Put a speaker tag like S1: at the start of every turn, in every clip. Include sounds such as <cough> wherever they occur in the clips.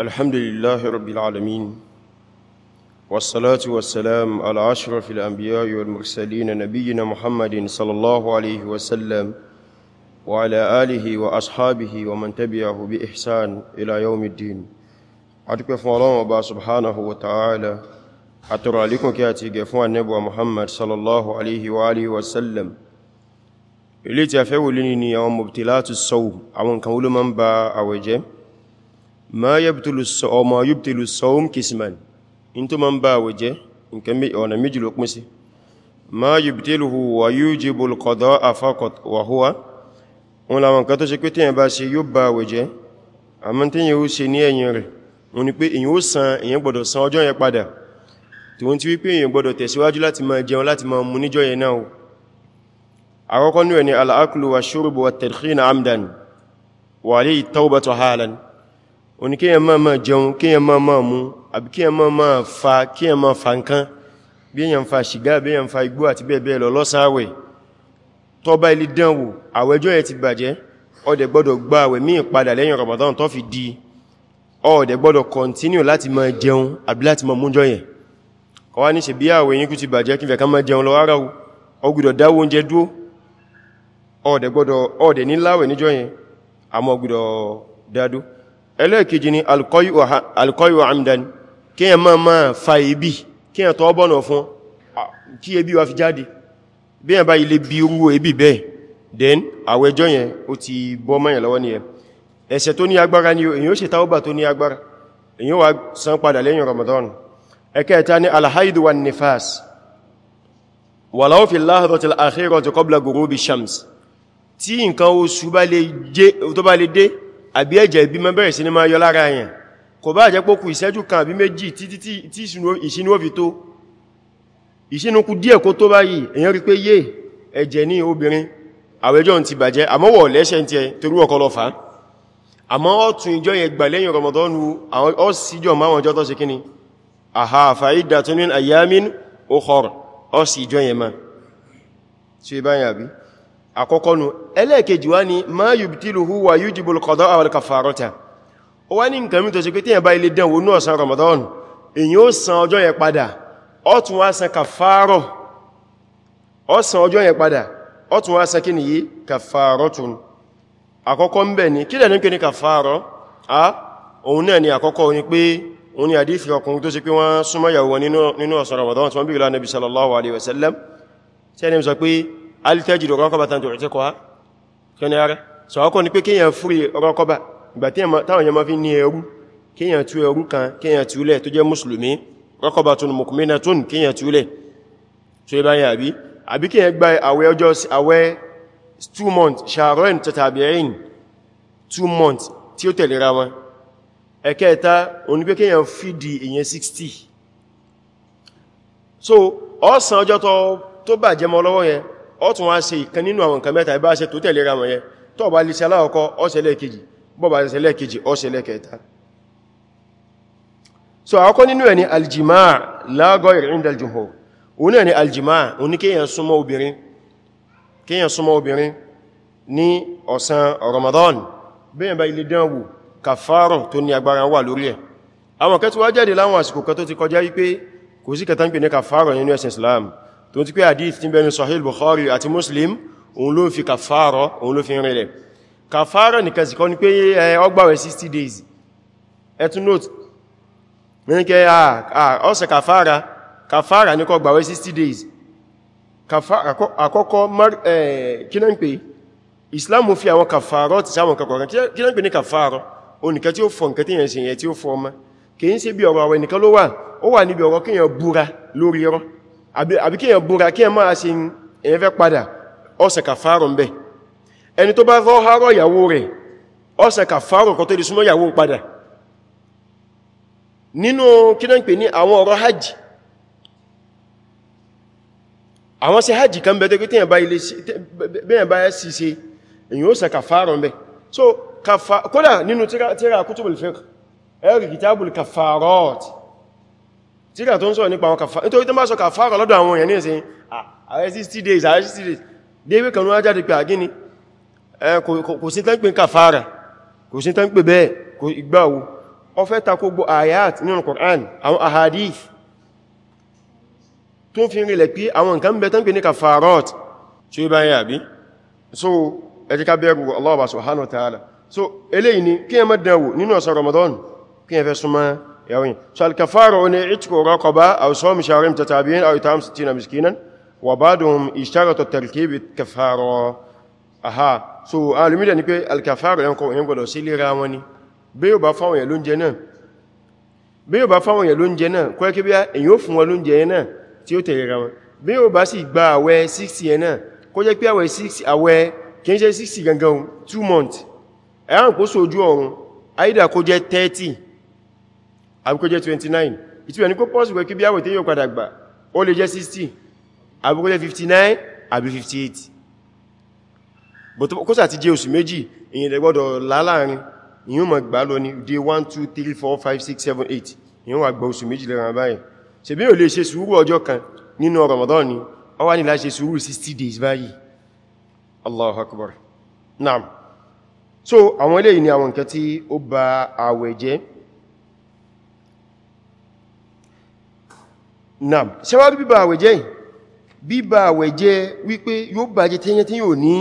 S1: الحمد لله رب العالمين والصلاة والسلام على أشرف الأنبياء والمرسلين نبينا محمد صلى الله عليه وسلم وعلى آله وأصحابه ومن تبعه بإحسان إلى يوم الدين أتكفى فالله وبا سبحانه وتعالى أترى لكم كاتي قفوا النبو محمد صلى الله عليه وآله وسلم إليتي أفعل لنيني يوم مبتلات الصوم أو أن كان ما أوجه ma yabtulu sọ ma yubtilu sawm kisman in tó ma ń bá àwẹ̀ jẹ́ nǹkan ọ̀nà méjì ló pín sí ma yubtiluhu wa yujibu al-qadaa faqat wa huwa wọn làwọn kan tó ṣe pé tíyàn bá ṣe yóò bá àwẹ̀ jẹ́ àmọ́ tíyàn ó ṣe ní ẹ̀yìn rẹ̀ wọn ni pé èyàn ó san èyàn gbọ́dọ̀ san ọjọ́ yẹn padà tí wọ́n ti wí pé èyàn gbọ́dọ̀ tẹ̀síwájú láti máa jẹun láti máa mu níjọ́ yẹn náà àkọ́kọ́ nú ẹ̀ ni al-aklu wa shurbu wa amdan wa alayhi tawbatu oní kíyàn máa máa jẹun kíyàn máa máa mú àbí kíyàn máa máa fa kíyàn máa fa nǹkan bí èyàn fa ṣìgá bí èyàn fa igbó àti bẹ́ẹ̀ bẹ́ẹ̀ lọ lọ́sàáwẹ̀ tó bá ilé dánwò àwẹ̀jọ́ ẹ̀ ti bàjẹ́ ó gbọ́dọ̀ gba àwẹ̀ míì padà lẹ́yìn Ramadan tó fi di continue láti máa jẹun àbí láti máa mújọ yẹn kò wá ní ṣe bí àwẹ̀ yín kú ti bàjẹ́ kí fẹ́ ká máa jẹun lọ rárá ó gbọ́dọ̀ dáwó oúnjẹ ẹlẹ́ẹ̀kejì ni alkọ́yù amdan kí ẹ máa máa fa ibi kí ẹ tọ́ bọ́nà fún kí ebi wa fi jáde bí ẹ bá ilé bí irú ebi bẹ́ẹ̀ then àwẹjọ́ yẹn ó ti bọ́ mọ́yàn lọ́wọ́ ni ẹ ẹ̀ṣẹ̀ tó ní agbára ni èyàn ó ṣe taubá tó ní agbára èyàn wá san padà tí nǹkan oṣù tó bá lè dé àbí ẹ̀jẹ̀ ìbí mọ́ bẹ̀rẹ̀ sí ní máa yọ lára yẹn kò bá jẹ́ pókù ìṣẹ́jú kan àbí méjì títí tí ìṣínú òfi tó ìṣínú kù díẹ̀ kó tó báyìí èyàn rí pé yé ẹ̀jẹ̀ ní obìnrin àwẹ́jọ́ ti bàjẹ́ àmọ́wọ̀ lẹ́ṣẹ̀ ti ẹ torí ọkọ̀ lọ fà á àmọ́ ọ̀tún ìjọ yẹn gbà lẹ́yìn rọmọdọ́nù àwọn máwọn ọjọ́ tó ṣe kíni àhà fàídà tó ní àyàmín ó kọ̀rọ̀ ọ̀síjọ yẹn ma ṣe báyìí àbí àkọ́kọ́nu ẹlẹ́ẹ̀kejì wá ní ma yubtiluhu wa yujibul qada'a wal kafarata ó wá ní nǹkan mí tó ṣe pé tí ẹ̀bá ilé dẹ̀wò ní ọ̀sán Ramadan èyí ó san ọjọ́ yẹn padà ó tún wá san kàfàárọ̀ ó san ọjọ́ yẹn padà ó tún wá san kí ni yìí kàfàárọ̀tun àkọ́kọ́ ń bẹ̀ ní kí lẹ́nu kí ni kàfàárọ̀ a òun náà ni àkọ́kọ́ Ramadan tí wọ́n bí wasallam tí ẹni sọ pé alitajidu rọ́kọ́bá tó rẹ̀ tẹ́kọ̀ọ́ kẹ́ni ara sọ̀rọ̀kọ́ ni pé kíyàn fúrí rọ́kọ́bá ìgbà táwọn yamá fi ní ẹrú kíyàn tú ẹrú kan kíyàn túlẹ̀ tó jẹ́ mùsùlùmí rọ́kọ́bá tó mọ̀kúnmínà tó ní kíyàn túlẹ̀ tó yẹ báyìí àbí àbí kíyàn gba àwẹ̀ ọjọ́ àwẹ̀ 2 months sharon tatabirin 2 months tí ó tẹ̀lera wọn ẹ̀kẹta òní pé kíyàn fìdí ìyẹn so ọ̀sán ọjọ́ tó bàjẹ́ mọ́ lọ́wọ́ yẹn ó tún wá ṣe ìkan nínú àwọn nǹkan mẹ́ta ìbá ṣe tó tẹ̀lé ra wọn yẹ tó bá lè ṣe aláwọ̀kọ́ ó ṣe lẹ́ẹ̀kejì bó so àkọ́kọ́ nínú ẹ̀ aljima lágọ́ ìrìndà jùmọ̀ òun náà aljima òun ni kéèyàn súnmọ́ obìnrin kéèyàn súnmọ́ obìnrin Ramadan bẹ́ẹ̀ bá ilé dánwò kàfàárọ̀ tó ní agbára wà lórí ẹ̀ àwọn kẹtù wá jáde láwọn àsìkò kan tó ti Islam tó ti pé hadith tí bẹnu Sahih Bukhari àti Muslim òun ló fi kàfàárọ̀ òun ló fi rìnlẹ̀ kàfàárọ̀ nìkan sì kọ́ ní pé ọgbàwẹ̀ 60 days ẹ̀tún note ní kẹ́ ọ̀sẹ̀ kàfàárà kàfàárà ní kọ́ gbàwẹ̀ 60 days àkọ́kọ́ kí náà ń pè Islam fi àwọn kàfàárọ̀ ti sáwọn kàkọ̀ọ̀kan kí náà ń pè ní kàfàárọ̀ oníkẹ́ tí ó fọ nǹkan tí yẹn ṣe yẹn tí ó fọ ọmọ kìí ṣe bí ọ̀rọ̀ àwẹ̀ nìkan ló àbí kí èyàn búra kí èyàn máa ṣe èyàn fẹ́ padà ọ̀sẹ̀ kàfàárọ̀ ń bẹ ẹni tó bá rọ́hárọ̀ ìyàwó rẹ̀ ọ̀sẹ̀ kàfàárọ̀ kan tó lè súnmọ́ ìyàwó padà nínú kí náà ń pè ní àwọn ọ̀rọ̀ hajj àwọn ṣe hajj kan bẹ̀ẹ́ tí èyàn bá sì ṣe èyàn ó ṣe kàfàárọ̀ ń bẹ so kódà nínú tíra kútùbùl fiqh ẹ̀rì kìtàbùl kàfàárọ̀tì tíra tó ń sọ nípa àwọn kàfà nítorí tó bá sọ kàfàrà lọ́dọ̀ àwọn èèyàn ní ẹ̀sìn ààrẹ 60 days ààrẹ days david kanú wá jáde pé àgíní eh, kò sí tán pé kàfàrà kò sí tán pé bẹ́ẹ̀ kò ìgbàwó ó fẹ́ takó gbọ́ ayat nínú Qur'an àwọn ahadith tó fi rinlẹ̀ pé àwọn nǹkan bẹ tán pé ní kàfàrọt so ẹ jẹ́ ká Allah subhanahu wa ta'ala so eléyìí ni kí ẹ mọ́ dẹ̀wò Ramadan kí يوين فالكفارة أن عتق رقبة أو صوم شهرين متتابعين أو إطعام 60 مسكينا وبعضهم اشترط التركيب الكفارة aha so alimida ní pé alkafaru yan ko yan gbọ́dọ̀ sí lera wọn ni bí ó bá fáwọn yan lóúnjẹ náà bí ó bá fáwọn yan lóúnjẹ náà ko ke bia ẹ̀yin ó fún wọn lóúnjẹ yẹn náà tí ó tẹ̀lé ra wọn bí ó gba àwẹ̀ 60 yẹn náà kó jẹ́ pé 6 àwẹ̀ kin ṣe 60 gangan 2 months e an ko ọ̀run aida kó jẹ́ 30 àbíkó jẹ́ 29 ìtìwẹ̀ ní kó pọ́sù pé kí bí àwẹ̀ tí yóò padà gbà ó lè jẹ́ 60 àbíkó 59 àbí 58 but kó sà ti jẹ́ oṣù méjì èyàn lẹ́gbọ́dọ̀ láàárín ìyún mọ̀ gbà lọ ní day 1 2 3 4 5 6 7 8 ìyún wà gbà Ramadan ni ọ wá ní láti days báyìí Allahu Akbar naam so àwọn eléyìí ni àwọn nǹkan tí ó ba àwẹ̀ jẹ́ na ṣẹwàá bíbà àwẹ̀ jẹ́ bíbà àwẹ̀ jẹ́ wípé yóò bàjẹ́ tẹ́yẹ tí yóò ní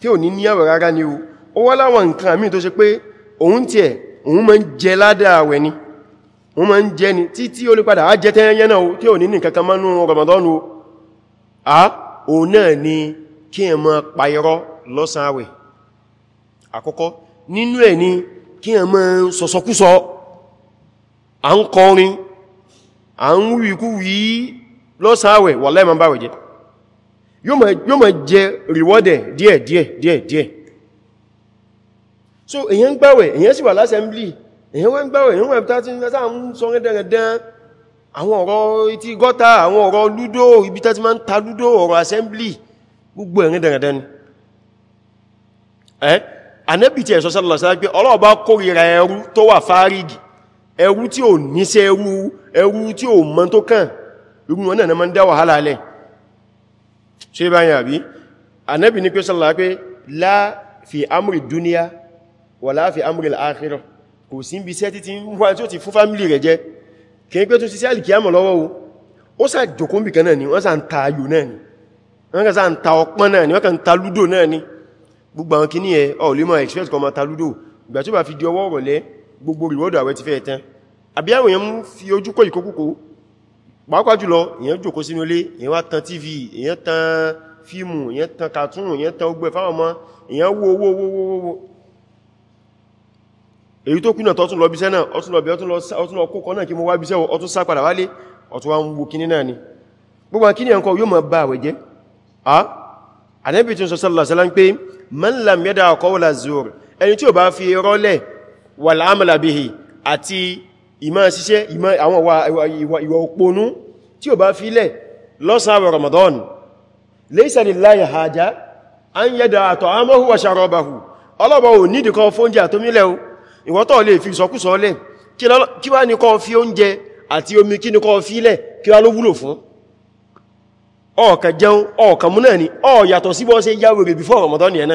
S1: tí ò ní ní àwẹ̀ rárá ni o ó wá láwọn nǹkan àmì tó ṣe pé òun tí ẹ̀ òun máa ń jẹ ládàá àwẹ̀ ni òun máa ń jẹ a òun ni kí ẹ máa pa irọ́ lọ́sàn àwẹ̀ àkọ́kọ́ nínú ẹ̀ ni à ń kọrin à ń wí kú wí lọ́sàáwẹ̀ wà láìmọ̀ bá wẹ̀ jẹ́ yóò mọ̀ jẹ rewardẹ̀ díẹ̀ díẹ̀ díẹ̀ díẹ̀ so èyàn ń gbàwẹ̀ èyàn sì wà lásẹ̀mblì èyàn wọ́n ń gbàwẹ̀ èyàn wọ́n tàbí sáà ń sọ rẹ̀dẹ̀rẹ̀dán àwọn ọ̀rọ̀ ti gọ́ta àwọn ọ̀rọ̀ assembly gbogbo ẹ̀rin dẹ̀rẹ̀dẹ̀ ni ẹ́ anẹ́bìtì ẹ̀sọ́sọ́lọ́sọ́lọ́ pé ọlọ́ọ̀bá kórìíra ẹrú tó wà fárígì ẹrú tí ò níṣẹ́ ẹrú ẹrú tí ò mọ̀ tó kàn irú wọn náà ma ń dá wàhálà alẹ́ ṣe báyìí àbí Ànábì ní pé sọ́lá pé la fi amri dúníà wà la fi amri al-akhirah kò sí ibi iṣẹ́ títí wọ́n tí ó ti fún fámílì rẹ̀ jẹ́ kí n ó ni wọ́n sà ń ta ayò náà ni wọ́n kà sà ń ta ọpọ́n náà ni wọ́n kà ń ta bá fi di ọwọ́ rọ̀lẹ́ gbogbo reward àwẹ̀ ti fẹ́ tán àbí àwọn èèyàn ń fi ojú kó ìkókùkó pàápàá jùlọ èèyàn jókòó sínú ilé èèyàn wá tan tv èèyàn tan fíìmù èèyàn tan kàtúnù èèyàn tan ogbẹ̀ fáwọn ọmọ èèyàn wo owó owó owó owó èyí tó kúnà tọ́tún lọ bí sẹ́nà ọtún lọ bí ọtún lọ kókọ náà kí mo wá bí sẹ́wọ̀ ọtún sá padà wálé ọtún wá ń wo kíní náà ni gbogbo kíní ẹ̀kọ́ yóò mọ̀ bá àwẹ̀ jẹ́ a anẹ́bìtún sọ sọ́lọ́sọ́lá ń pé man lam yada qawla zur ẹni tí ò bá fi rọ́lẹ̀ wal amala bihi àti ìmá ṣiṣẹ́ àwọn ìwà òpónú tí ó bá fílẹ̀ lọ́sàn Ramadan laysa lillahi haja an yada'a ta'amahu wa sharabahu ọlọ́bọ̀ ò nídì kan fóúnjẹ àtómílẹ̀ o ìwọ́tọ̀ lè fi ìsọkúsọ lẹ̀ kí wá ní kan fi oúnjẹ àti omi kí ní kan fi lẹ̀ kí wá ló wúlò fún ọ̀ọ̀kan jẹun ọ̀ọ̀kan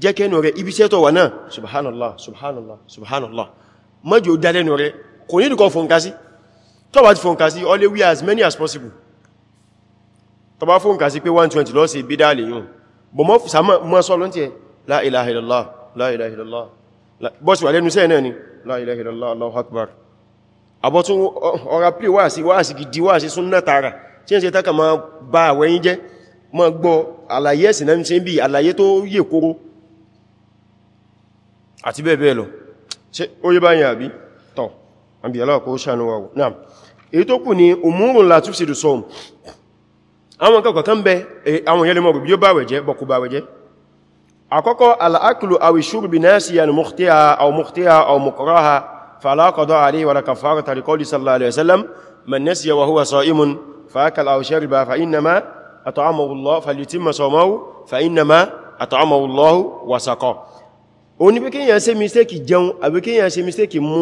S1: jẹ́ kẹnu rẹ̀ ibi sẹ́tọ̀ wà náà subhanallah subhanallah subhanallah mọ́jọ dálẹ́nu rẹ̀ kò ní ìdíkọ̀ fòǹkà sí tó bá ti fòǹkà sí always wear as many as possible tó bá fòǹkà pé 120 lọ sí bídá lè yùn bọ̀ mọ́ sàmọ́ sọ́lọ́ tí ẹ la ilaha illallah la ilaha illallah bọ́sí wà lẹ́nu sẹ́ náà ni la ilaha illallah allahu akbar abọ́tún ọ̀rá pè wá sí wá sí gidi wá sí súnnà tààrà tí ẹ ṣe tákà ma bá àwẹ́yìn jẹ́ ma gbọ́ àlàyé ẹ̀sìn àti bẹ́ẹ̀ bẹ́ẹ̀ lọ ṣe ó yé báyìí àbí tọ́ àbí aláàkọ́ ṣàánú wa náà èyí tó kù ní umurun la tufsidu sawm àwọn kọ̀kọ̀ kan bẹ àwọn yẹlẹ mọ̀rù bí ó bàwẹ̀ jẹ́ bọ̀kù bàwẹ̀ jẹ́ àkọ́kọ́ al'aklu aw shurbi nasiyan mukhti'a aw mukhti'a aw mukraha fala qada alayhi wala kafarata li qawli sallallahu alayhi wa sallam man nasiya wa huwa sa'imun ó ní pé kíyàn ṣe mistake jẹun àbí kíyàn ṣe mistake mú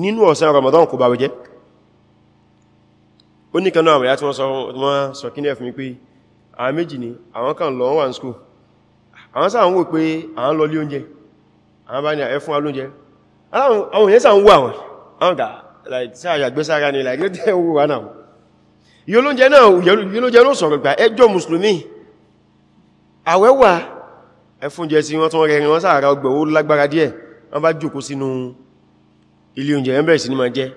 S1: nínú ọ̀sán Ramadan kò bá jẹ́ ó ní kanáà àmìyà tí wọ́n sọ kí ní ẹ̀fún pé àwọn méjì ni àwọn kan lọ wà ní school àwọn sáà ń wò pé àwọn lọ lé oúnjẹ àwọn bá ní ẹfún alóúnjẹ àwọn yẹn sáà ń wò àwọn àwọn gà sáàyàgbé sára ni láì <laughs> ẹfúnjẹ sí wọ́n tún rẹrin wọ́n sáàrà ọgbẹ̀ ó lágbára díẹ̀ wọ́n bá jòkó sínú ilé oúnjẹ ẹ̀ bẹ̀rẹ̀ sí ní ma jẹ́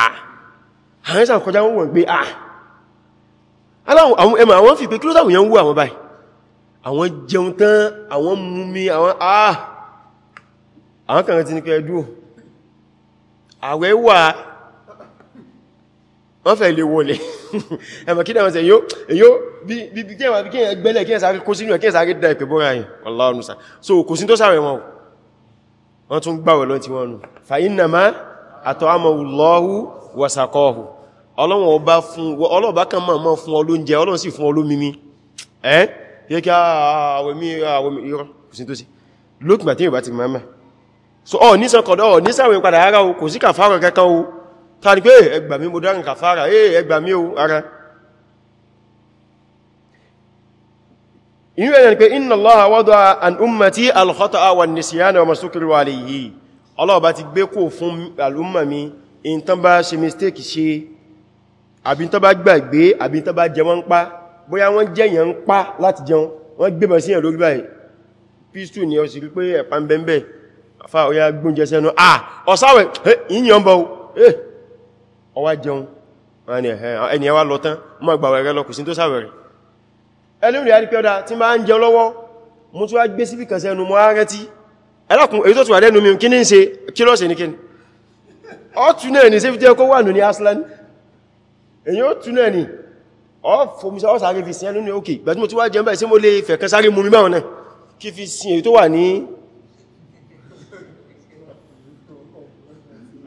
S1: ah àwọn ìsàn kọjá wọ́n wọ̀n pé ah ẹmà àwọn fi pé kí ló táwọn yẹn ń wú àwọn báyìí àwọn jẹun tán àwọn mumi àwọn ah wọ́n fẹ́ lè wọlé ẹmọ̀ kí dáwọn sẹ yóò yóò bí kí ẹmọ̀ kí ẹgbẹ́lẹ̀ kí ẹsàrí kó sínú ẹ̀ kí ẹsàrí dá ìpẹ̀ bọ́ra yìí Allahu nusa so kò sí tó sàrẹ̀ wọn wọ́n tún gbàwẹ̀ lọ tí wọ́n nù fa innama at'amahu Allahu wa saqahu Ọlọ́run ọba fún Ọlọ́run ọba kan máa fún ọ lóúnjẹ Ọlọ́run sì fún ọ lómimi ẹ́ yẹ kí àwẹ̀mí àwẹ̀mí irọ́ kò sí tó sí lókùnmà tí yóò bá ti máa mẹ́ so ọ nísànkọ̀dọ̀ ọ nísàwẹ̀ padà ara o kò sí kàfàrọ̀ kankan o tàbí pé eh, ẹgbà mi mo dárin kàfàrà eh, ẹ ẹgbà mi o ara inú ẹ̀yẹn pé inna Allaha wada'a an ummati al-khata'a wan-nisyana wa ma sukriwa alayhi Allah bá ti gbé kò fún al'umma mi in tán bá ṣe mistake ṣe àbí tán bá gbàgbé àbí tán bá jẹ wọ́n ń pa bóyá wọ́n jẹyàn ń pa láti jẹun wọ́n gbé bọ̀ sí ẹ̀ lórí báyìí ọwá jẹun ẹni ẹwà lọ tán mọ́ gbàwẹ̀rẹ̀ lọ kò sí tó sàwẹ̀rẹ̀ ẹlẹ́rìn àrí pẹ́ọ́dá tí máa ń jẹun lọ́wọ́ mú tó wá gbé síbì kan sẹ́nu mọ́ ààrẹ tí ẹlọ́kùn èyí tó tù wà mi kí ní ṣe kí ní kíni ọ tún náà ní sẹ́fìtẹ́ kó wà nù ní aslan èyí ó tún náà ní ọ fòmísà ọ sáré fi sí ẹnu ní òkè gbàtí mo tó wá jẹun báyìí sí mo lè fẹ̀kan sáré mú mi báwọn náà kí fi sin èyí tó wà ní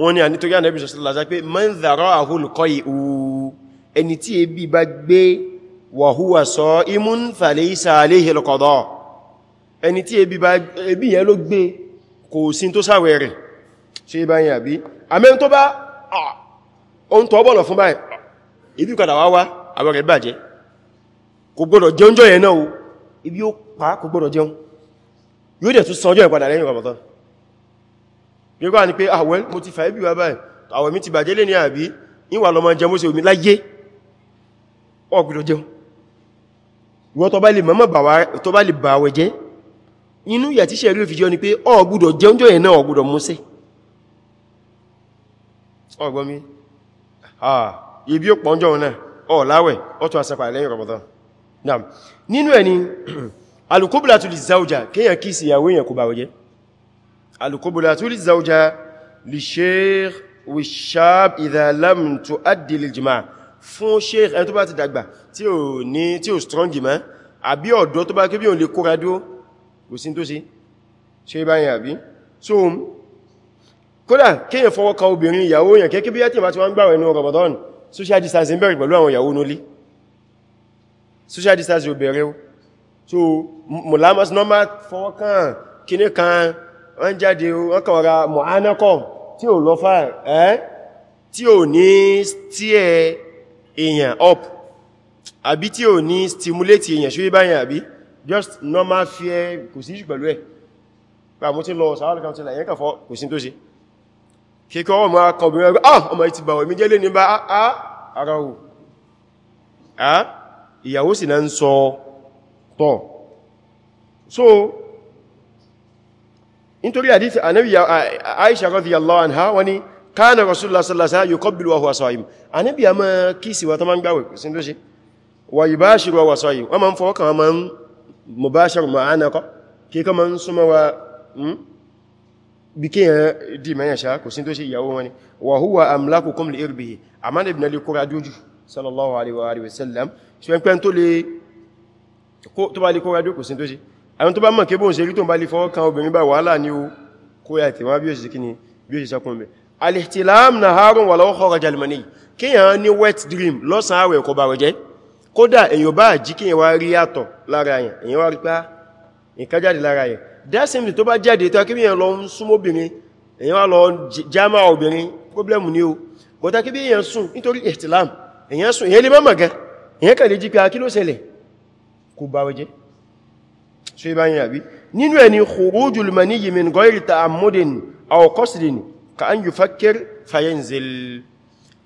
S1: wọ́n ní ànítorí ànẹ́bí sọ̀sílásá pé man dhara'ahu al-qay'u ẹni tí ebi bá gbé wa huwa sa'imun falaysa alayhi al-qada ẹni tí ebi yẹn ló gbé kò sí tó sáwẹ̀ rẹ̀ ṣe bá yìn àbí amẹ́ tó bá ohun tó bọ̀lọ̀ fún báyìí ibi padà wá wá àwọn rẹ̀ bàjẹ́ kò gbọ́dọ̀ jẹun nígbà ní pé àwẹ́ ah, mo ti fàíbì wà báyìí àwẹ̀ mi ti bàjẹ́ lé ní àbí ìwà lọ ma jẹ mọ́sí omi láyé ọgbìdọ̀ jẹun wọ́n tó bá lè mọ́mọ́ tó bá lè bà àwẹ̀ jẹ́ inú ìyà tí sẹ̀rí òfìjọ́ ni pé ọgbùdọ̀ jẹun jọ yẹn náà ọgbùdọ̀ mọ́sí ọgbọ́n mi ah ibi ó pọ̀ jọ náà ọ láwẹ̀ <clears throat> القبلة للزوجة للشيخ والشاب إذا لم تؤدي للجماع fún sheikh ẹni tó bá ti dàgbà tí ò ní tí ò strong mẹ́ àbí ọ̀dọ́ tó bá kí bí òun lè kóra dúó kò sí tó sí ṣe báyìí àbí so kódà kíyàn fọwọ́ ka social distancing bẹ̀rẹ̀ pẹ̀lú àwọn ìyàwó social distancing ò bẹ̀rẹ̀ so mùlámọ́sí nọ́mbà fọwọ́ kan kíní kan wọ́n jáde wọ́n kàwàrà mọ̀hánákọ̀ tí ò lọ fà ẹ́ tí ò ní steer èèyàn up àbí tí ò ní stimulate èèyàn ṣe báyàn àbí just normal fear kò sí pẹ̀lú ẹ̀ pà mú tí lọ sàárọ̀ kan tí là yẹn kàfọ́ kò sí tó sí kíkọ́ ọmọ akọ̀bìnrin ẹgbẹ́ ah ọmọ ìtì bàwọ̀ mi jẹ́ lé ní bá ah, ah, ara hù ah, ìyàwó sì náà ń sọ tọ̀ so nítorí àdífẹ́ ànábì Aisha radiyallahu anha wani kana rasulullah sallallahu alaihi wasallam yuqabbilu wa huwa sa'im ànábì a máa kíìsì wa ta ma ń gbáwẹ̀ sí tó ṣe wa yubashiru wa huwa sa'im wọ́n ma ń fọwọ́ kan ma ń mubashir ma'ana kọ́ kí kọ́ ma ń súnmọ́ wa hmm? bí kíyàn dì mẹ́yàn ṣá kò sí tó ṣe ìyàwó wọn ni wa àwọn tó bá mọ̀ kébùn ṣe rí tó ń bá lè fọwọ́ kan obìnrin bá wàhálà ní o kó yà tí wọ́n bí ó kí ni bí ó ṣe sọkún bẹ̀. alihtilam na harun wà lọ́wọ́ kọ́rọ̀ jalmani kíyàn ní wet dream lọ́sàn àwẹ̀ kò bà rọ̀jẹ́ kódà èyàn bá jí kíyàn wá rí yàtọ̀ lára yẹn èyàn wá rí pá ah, nǹkan jáde lára yẹn dásim tó bá jáde tó kí yẹn lọ ń súnmọ́ obìnrin èyàn wá lọ jámà obìnrin ṣe bá yìí àbí nínú ẹni khurujul maniyyi min ghayri ta'ammudin aw qasdin ka an yufakkir fayanzil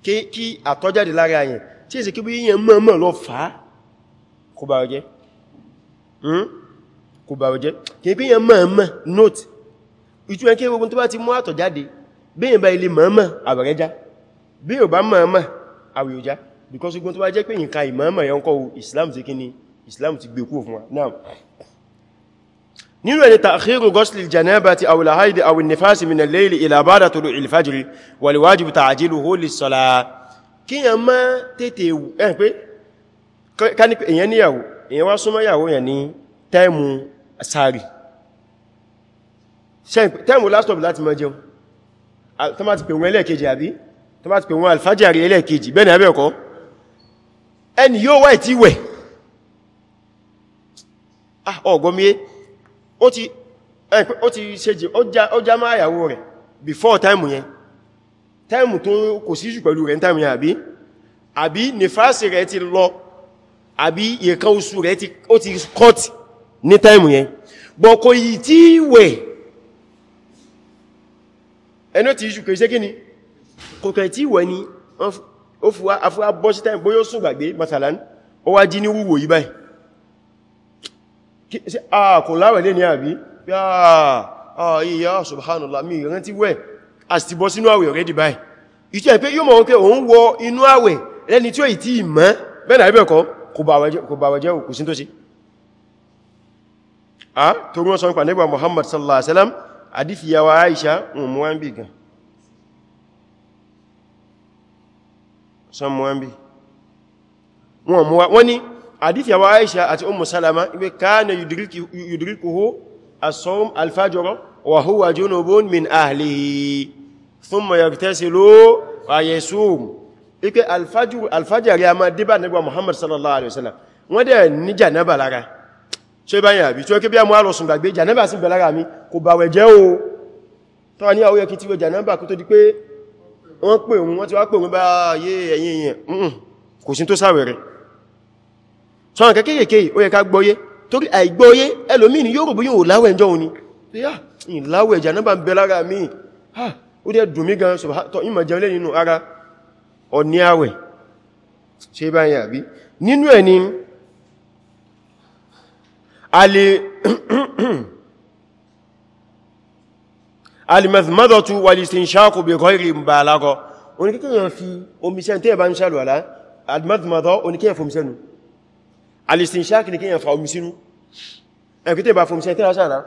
S1: kí àtọ́jáde lára yẹn tí èsì kí bí yíyàn mọ́mọ́ lọ fà kò bá ọjẹ́ hmm? kò bá ọjẹ́ kí bí yíyàn mọ́mọ́ note ìtú ẹkẹ́ gbogbo tó bá ti mú àtọ̀jáde bí yíyàn ilé mọ́mọ́ àwẹ̀rẹ́já bí yíyàn bá mọ́mọ́ àwẹ̀yọjá because gbogbo tó bá jẹ́ pé yìnká ìmọ́mọ́ yẹn Islam ti kí ni Islam ti gbé kú fún wa now nínú ẹni ta'khiru ghuslil janabati aw al-hayd aw an-nifasi min al-layli ila ba'da tulu'il fajri wal wajibu ta'jiluhu lis-salah kíyàn má tètè ẹ̀ pé kánípẹ̀ èyàn níyàwó èyàn wá súnmọ́ yàwó yàn ní tẹ́mù sáàrì tẹ́mù last stop láti mọ́ jẹun tó má ti pè wọn ó ti ṣeji ó já máa yàwó rẹ̀ before time yẹn time tó kò sí jù pẹ̀lú rẹ̀ time yẹn àbí àbí nífàásì rẹ̀ ti lọ àbí ìkan oṣù rẹ̀ ó ti cut ní time yẹn bọ̀ kò yí tí wẹ̀ ẹni tí jù kìí ṣe kí ni kò kẹ̀ tí wẹ̀ ni ó fúwa bọ́ sí time bóyó sùn gbàgbé matalan ó wá jí ní wúwo yìí báyìí kò láwẹ̀ lé ní àbí yíya subhanallah mi rántí wẹ̀ àti bọ́ sínú àwẹ̀ rẹ̀ dìbáì ìtẹ́ pé yóò mọ̀ pé òun wọ inú àwẹ̀ lẹ́ni tí ó ì tí ì mọ́ bẹ́ẹ̀nà àríbẹ̀kọ́ kò bàwẹ̀ jẹ́ òkú sí tó sí a tó rún sọ nípa nígbà Muhammad sallallahu alaihi wasallam àdífì yawa Aisha mọ̀mọ́wàmbì gan wọ́n ni hadith ya wa aisha àti ummu salama ibe kana yudrikuhu as-sawm al-fajr wa huwa junubun min ahlihi thumma yaghtasilu wa yasum ike al-fajr al-fajr ya ma diba nabi muhammad sallallahu alaihi wasallam wọ́n de ní janaba lára ṣé kò ba tó di pé sọ́nà kékèké ó yẹ ká gbọ́yé torí àìgbọ́yé ẹlòmíì ni yóò rò bí yóò láwẹ̀ ẹjọ́ òní ah, láwẹ̀ ẹ̀jà náà bá ń bẹ lára mi ah, ó dẹ̀ dùn mí gan sọ̀bátọ̀ ah, ìmọ̀ jẹun lé nínú ara ọ̀ní àwẹ̀ ṣe bá yà bí nínú ẹ̀ ni <clears throat> fi omi sẹ́ntẹ́ bá ń sàlùwàlá alìmọ̀tù oníkẹ́ yàn fi omi alistinshaq ní kíyàn fa omi sínú ẹ̀kútẹ́ bá fún ìṣẹ́ tíra sáàrá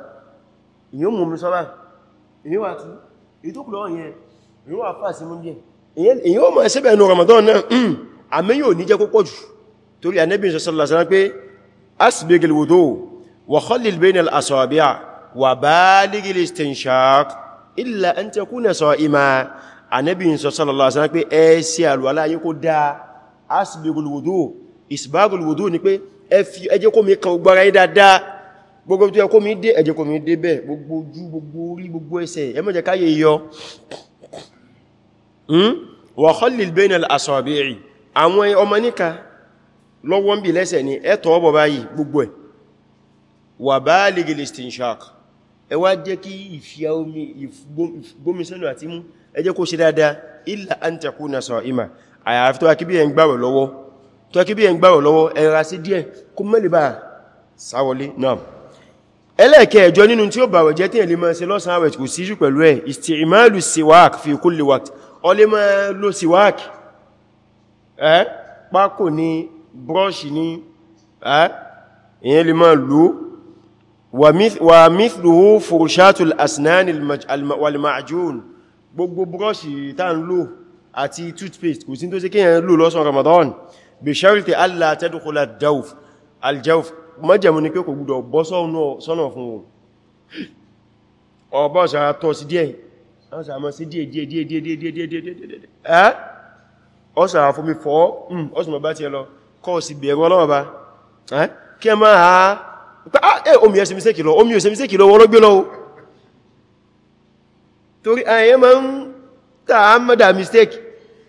S1: ìyàn mú omi sọ́bá ìyàn wà tí èyí tó kùlọ yẹn ìyàn wà fà sí mú díẹ̀ èyàn ó mọ̀ ẹsẹ́bẹ̀ ẹnu Ramadan náà hmm. àmì yóò ní jẹ́ púpọ̀ jù torí Ànábì sallallahu alaihi wasallam pé asbigil wudu wa khallil bayna al ẹ sí àlùwàlá yí kó dáa asbigil isbarul wudu ni pé ẹ jẹ́ kó mi kan gbara yín dáadáa gbogbo tó yẹ kó mi dé ẹ jẹ́ kó mi dé bẹ̀ gbogbo ojú gbogbo orí gbogbo ẹsẹ̀ ẹ má jẹ́ káyé yọ hmm? wa khallil bainal asabi'i àwọn ọmọ níka lọ́wọ́ ń bí lẹ́sẹ̀ ni ẹ tọ́ bọ̀ báyìí gbogbo ẹ̀ kó ṣe dáadáa illa an takuna sa'ima àyàfi tó akíbí ẹ̀ ń gbàwẹ̀ lọ́wọ́ tó kí bí ẹ̀ ń gbàrọ̀ lọ́wọ́ ẹ̀rà sí díẹ̀ kó mẹ́lẹ̀ bá sáwọlé náà ẹlẹ́ẹ̀kẹ́ẹ̀jọ nínú tí ó bàwẹ̀ jẹ́ tí ẹ̀lẹ́ máa ṣe lọ́sàn àwẹ̀ kò síjú pẹ̀lú ẹ̀ isti'malu siwak fi kulli waqt ọlé máa lo siwak ẹ́ pákò ní brọ́ṣì ní ẹ̀yẹn lè toothpaste kò sí tó sí kí bí ṣarìtì allá tẹ́dùkúlá dauf aljauf májẹ̀mú ní pé kò gbúdọ̀ bọ́ sọ́nà fún wọn ọ̀bọ̀ sára tọ́ sí díẹ̀ ọ́sàmọ́ sí díẹ̀ díẹ̀ díẹ̀ díẹ̀ díẹ̀ díẹ̀ díẹ̀ díẹ̀ díẹ̀ ẹ́ ọ́sàrà fún mi fọ́ ọ́sùmọ̀ bá ti ẹ lọ kọ́ sí bẹ̀rù ọlọ́wọ́ bá kí ẹ máa ha ẹ́ omi ẹsẹ̀ mistake lọ omi ẹsẹ̀ mistake lọ wọ́n ló gbé lọ torí ayẹ́ máa ń tàà mọ́dà mistake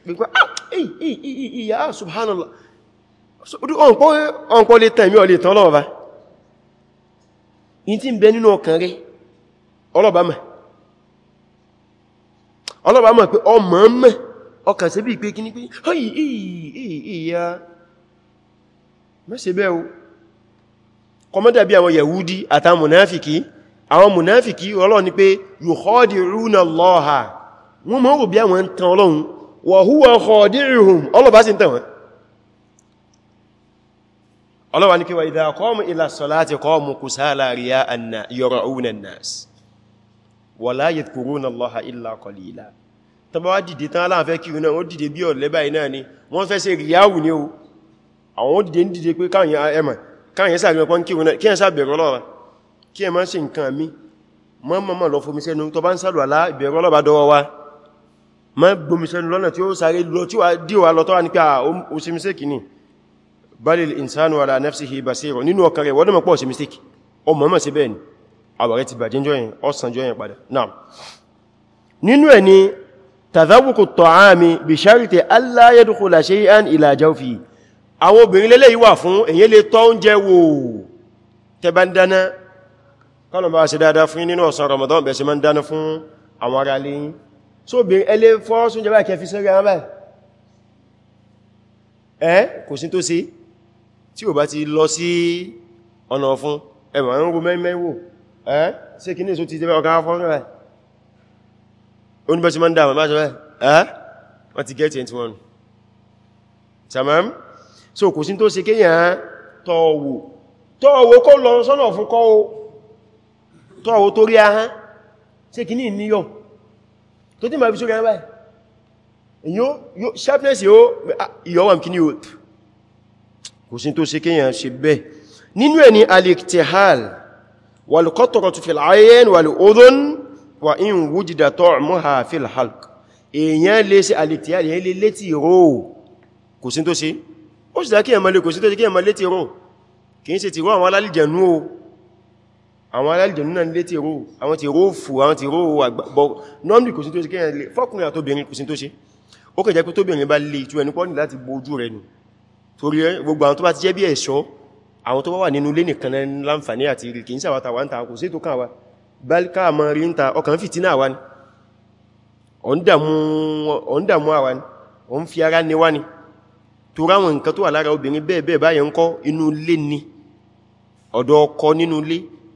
S1: gbígbá ìyá ah, eh, eh, eh, subhanallah ọ̀pọ̀ lè tàn mí ọ̀lẹ̀ tán lọ́wọ́ bá in tí ń bẹ nínú ọkàn rẹ ọlọ́bàá mọ̀ ọlọ́bàá mọ̀ pé ọmọ ọkàn sí bí pé kí ní pé ìyá mẹ́sẹ̀ o kọmọ́dà bí àwọn àtàwọn munafiki pé wa huwa khadi'uhum ọlọ́bá sí tẹ̀wọ̀n ọlọ́wà ní kí wa idha qamu ila salati qamu kusala riya'an yura'una an-nas wa la yadhkuruna Allaha illa qalila tọba wá dìde tán aláàfẹ́ kírun náà wọ́n dìde bí ọ̀lẹ́ báyìí náà ni wọ́n fẹ́ ṣe ríyáwù ní o àwọn dìde ń dìde pé káàyàn ẹmà káàyàn sáàrin ọpọ́n kírun náà kí ẹ sáàbẹ̀rọ ma gbomisẹnu lọ́nà tí ó sáré lọ tí wà díwà lọ tọ́wà ní pé ah, ó sí mistake ní balil insanu ala nafsihi basira nínú ọkàn rẹ̀ wọ́n mọ̀ pọ̀ sí mistake o mọ̀mọ̀ sí bẹ́ẹ̀ ni àwàrẹ ti bàjẹ́ jọyìn ọsàn jọyìn padà náà nínú ẹ̀ ni tàzábùkù tọ̀ámi bí ṣáríte alla yadkhula shay'an ila jawfi àwọn obìnrin lélẹ̀ yíwà fún èyàn lè tọ́ oúnjẹ wò so bí ẹlé fọ́sún jẹba ìkẹfì sẹ́rẹ̀ àwọn báyìí ẹ́ kò sí tó sí tí ò bá ti lọ sí ọ̀nà ọ̀fún ẹ̀mọ̀ àwọn ogun mẹ́mẹ́wò ẹ́ sí kí ní èso ti jẹba ọ̀ká fọ́nrẹ̀ rẹ̀ oníbẹ̀ṣe máa ń dáwọn máa ṣẹ́rẹ̀ ẹ́ wọ́n ti get 21 tamam so kò sí tó sí kéyàn tọ́wò tọ́wò kó lọ sọ́nà ọ̀fún kọ́ o tọ́wò torí ahán sí kí ní ìníyọ̀ tó tí ma fi sókè ẹ̀rẹ́ yóò sharpness yóò ah, ìyọ́wàm kí ní o kò sí tó sí kíyàn ṣe bẹ́ nínú ẹni al-iktihal wal-qatratu fil-ayn wal-udhun wa in wujida ta'muha fil-halq èyàn lè sí al-iktihal èyàn lè létí ró kò sí tó sí àwọn alẹ́lẹ́jọ̀nú náà lé ti ró àwọn ti ró fù àwọn ti ró àgbàbọ̀ nọ́mì kò sí tó ṣe kí ẹ̀rẹ́ fọ́kùnrin àtóbìnrin kò sí tó ṣe ó kẹjẹ́ pé tóbìnrin bá lè tú ẹnu pọ́nì láti bojú rẹ̀ nù torí gbogbo àwọn tó bá ti jẹ́ bí ẹ̀ṣọ́ àwọn tó bá wà nínú ilé nìkan láǹfààní àti rí kì í sàwátà ni ọ̀dọ̀ ọkọ nínú ilé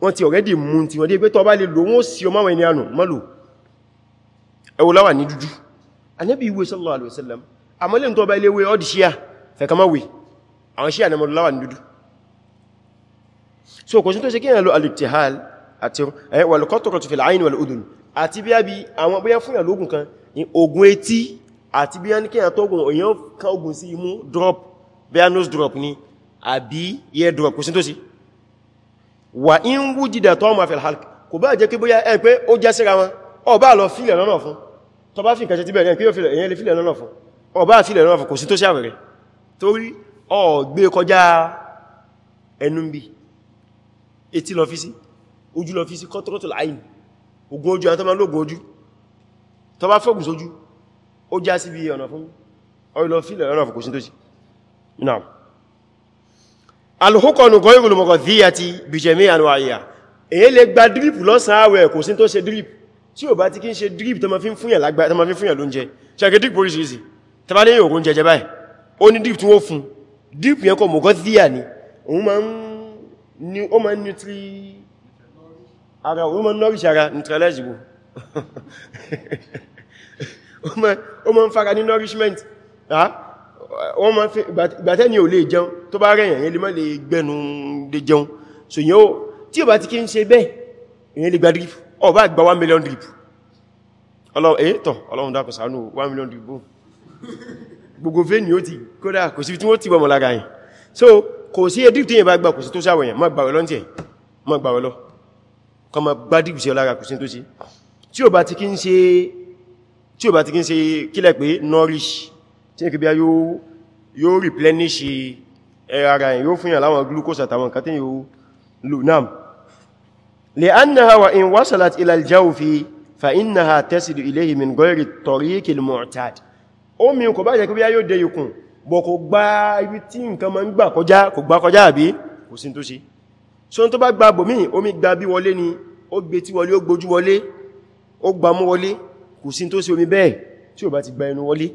S1: wọ́n ti already mú ti wọ́n dé pé tó bá lè lò wọ́n sí ọmọ ẹni ànù mọ́lò ẹwọ láwà ní dúdú Ànábì ìwé sallallahu alaihi wasallam àmọ́lẹ̀ tó bá ilé wé ọdí ṣíà fẹ̀kamáwé àwọn ṣíà so kò sí tó ṣe kí ẹ̀yàn lo al-iktihal àti eh, wal-qatratu fil ayn wal-udhun àti bí i àwọn bóyá fún ìyàn lógún kan ní drop bí drop ni àbí ear drop kò wà ń wújìdà tó ọmọ àfẹ́lá kò bá jẹ́ kí bóyá ẹ pé ó jẹ́ síra wọn ọba lọ fílẹ̀ lọ́nà fún tó bá fi nǹkan ṣe ti bẹ̀rẹ̀ pé èyàn lè fílẹ̀ lọ́nà fún ọba fílẹ̀ lọ́nà fún kò sí tó sàwẹ̀rẹ̀ torí ọ̀gbé kọjá ẹnu bí etí lọ fi sí ojú lọ fi sí kọ́tọ́kọ́tọ́ láàyìn ogun ojú àtọ́mà lógun ojú tó bá fọ́gùn sójú ó já sí bí ọ̀nà fún ọ alhukọ̀nù gọ́ìrùn mọ̀kọ̀ díyàtí bìjẹ̀mí ànúwàyà èyí lè gba drip lọ́sàn àwẹ̀ kò sí tó ṣe drip tí ò bá ti kí ń ṣe drip tó ma fi ń fúnyà lóúnjẹ ṣàkẹ́ drip oríṣìíṣì tàbá ní ògùn jẹjẹ báyìí ó ní drip tí wọ́n fún ni ó ma <laughs> ń fara ní nourishment wọ́n ma fi gbàtẹ́ ni ò lè jẹun tó bá rẹ̀ èyàn lè má lè gbẹnu lè jẹun so yíò tí ò bá ti kí ń ṣe bẹ́ẹ̀ èyàn lè gba drip ọ bá gba 1 million drip ẹ̀ẹ́tọ̀ ọlọ́run eh, dákọ̀ ṣàánú 1 million drip gbogbo fẹ́ ni ó ti kódà kò sí tí wọ́n ti so kò sí edip tí yẹn bá gbà kò sí tó sáwọ̀ yẹn má gbàwẹ̀ lọ́ntì ẹ̀ má gbàwẹ̀ lọ kọ ma gbá dìbì sí ọlára kò sí tó sí tí ò bá ti kí ń ṣe kílẹ̀ pé nourish tí ẹkì bí a yóò replenish eh, ara ẹ̀ yóò fún yà láwọn glucose àtàwọn kàtí yóò lò náà li'annaha wa in wasalat ila al-jawfi fa innaha tasilu ilayhi min ghayri at-tariq al-mu'tad omi kò bá jẹ́ bí a yóò dé ikùn bọ̀ kò gbá ibi tí nǹkan ma ń gbà kọjá kò gbá kọjá àbí kò sí tó sí so tó bá gba bòmí omi gba bí wọlé ni ó gbé tí wọlé ó gbójú wọlé ó gbà wọlé kò sí tó sí omi bẹ́ẹ̀ tí ò bá ti gba ẹnu wọlé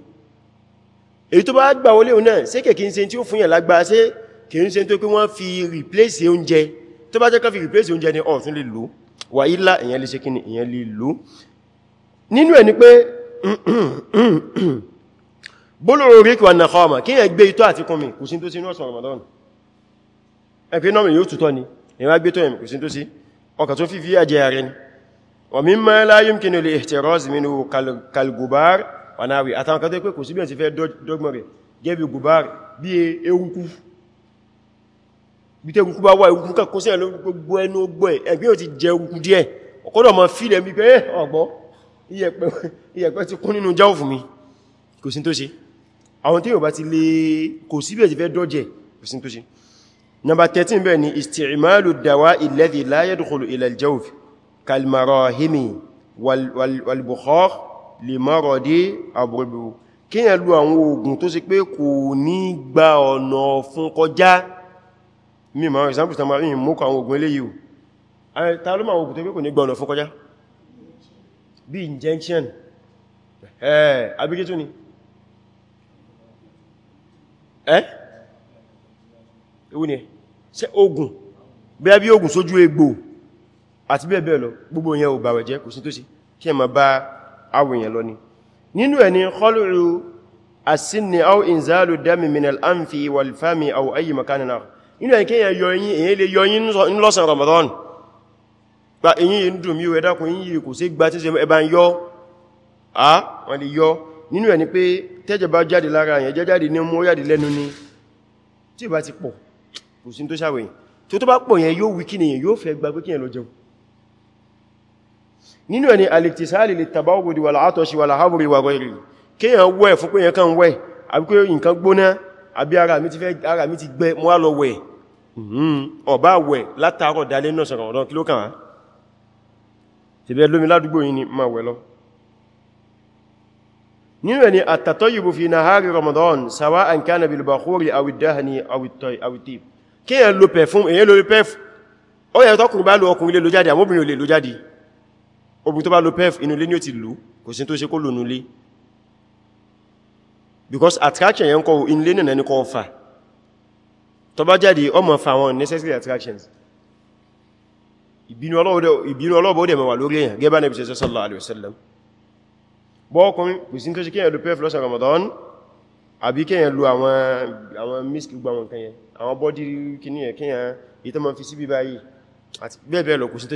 S1: èyí tó bá gbà wọlé òun náà ṣé kèkí ń ṣe tí ó fún yàn lágbà ṣé kì ń ṣe tó pé wọ́n fi replace oúnjẹ tó bá jẹ́ fi replace oúnjẹ ni ọ̀tún lè lò wà ílá èyàn lè ṣe kí ni èyàn lè lò nínú ẹ̀ ni pé bólòrò rí kìwà nà kọ́ọ̀mà kí yẹn gbé itọ́ àti kùnmi kò sí tó sí inú ọ̀sán Ramadan ẹ pé nọ́mì yóò tutọ́ ni kalgubar wànáwì àtàwọn kan tó pé kò sí bíẹ̀ sí fẹ́ dọ́gbọ̀n rẹ̀ gẹ́bí gùbárì bí eruku bí tẹ́gunkú bá wà eruku kàkó sí ẹ̀lú gbogbo ẹnu ogbọ́ ẹ̀ ẹgbẹ́ ò ti jẹ eruku díẹ̀ ọkọ́dọ̀ mọ́ fílẹ̀ mi pé lè mọ́rọ̀ dé àbúrúbù kíyàn lú àwọn oògùn tó sì pé kò ní gba ọ̀nà fún kọjá mímọ̀ example tamari mọ́kọ àwọn oògùn eléyìí ta ló máa oògùn tó pé kò ní gba ọ̀nà fún kọjá bí injection ẹ̀ abíkítú ni ẹ́ ewu ni ṣe oògùn bí a bí oògùn sójú egbò àti bẹ́ẹ̀ bẹ́ẹ̀ lọ gbogbo yẹn ò bàwẹ̀ jẹ́ kò sí tó sí kí ẹ ma bá awuyan lọ ni nínú ẹni kọlùrù asinni au inzalu dami min al'amfi wal fami au ayi makanin na nínú ẹni kíyàn yọyin èyí lè yọyin lọ́sàn ramadan gba èyí yìí ń dùn mí ẹ̀dàkùn yìí kò sí gba tí ẹba ń yọ a wọ́n lè yọ nínú ẹni pé tẹ́jẹ̀ bá jáde lára yẹn jẹ́jáde ní mú jáde lẹ́nu ni tí ìbá ti pọ̀ kò sí tó ṣàwẹ̀yìn tó tó bá pọ̀ yẹn yóò wikí nìyẹn yóò fẹ́ gba pé kíyàn lọ jẹun nínú ẹni alìtìsáàlì lè tàbáwòdì wà láàtọ̀ṣì wà láàbùrì wà rọrì kí yàn wẹ́ fún pé yàn kan wẹ́ àbí pé nǹkan gbóná àbí ara mi ti fẹ́ ara mi ti gbẹ mọ́ lọ wẹ̀ ọ̀bá wẹ̀ látàárọ̀ dalẹ́ náà sọ̀rọ̀ ọ̀dọ́ kí ló kàn ni máa wẹ̀ lọ nínú ẹni Ramadan sawa an kana bil bakhuri aw dahni aw tib kí yàn lo pẹ̀ fún lo pẹ́ ó yẹ tọkùnrin bá lo ọkùnrin lè lo jáde àmóbìnrin lè obì tó bá lo pef inú ilé ní ó ti lù kò sí tó ṣe kó lónú ilé because attraction yẹn kọ́ inú ilé nìna ní kọ́ fà tó bá jáde ọmọ fà wọn necessary attractions ìbínú ọlọ́ọ̀bọ̀ ó dẹ̀ mọ̀ wà lórí èyàn gẹ́bà nẹ́bí sẹ́sẹ́ sallallahu alaihi wasallam bọ́ọ̀kùnrin kò sí tó ṣe kíyàn lo pef lọ́sàn Ramadan àbí kíyàn lo àwọn misk gbogbo àwọn nǹkan yẹn àwọn bọ́dí kíníyàn kíyàn ìtọ́mọ̀ fi síbí báyìí àti bẹ́ẹ̀ bẹ́ẹ̀ lọ kò sí tó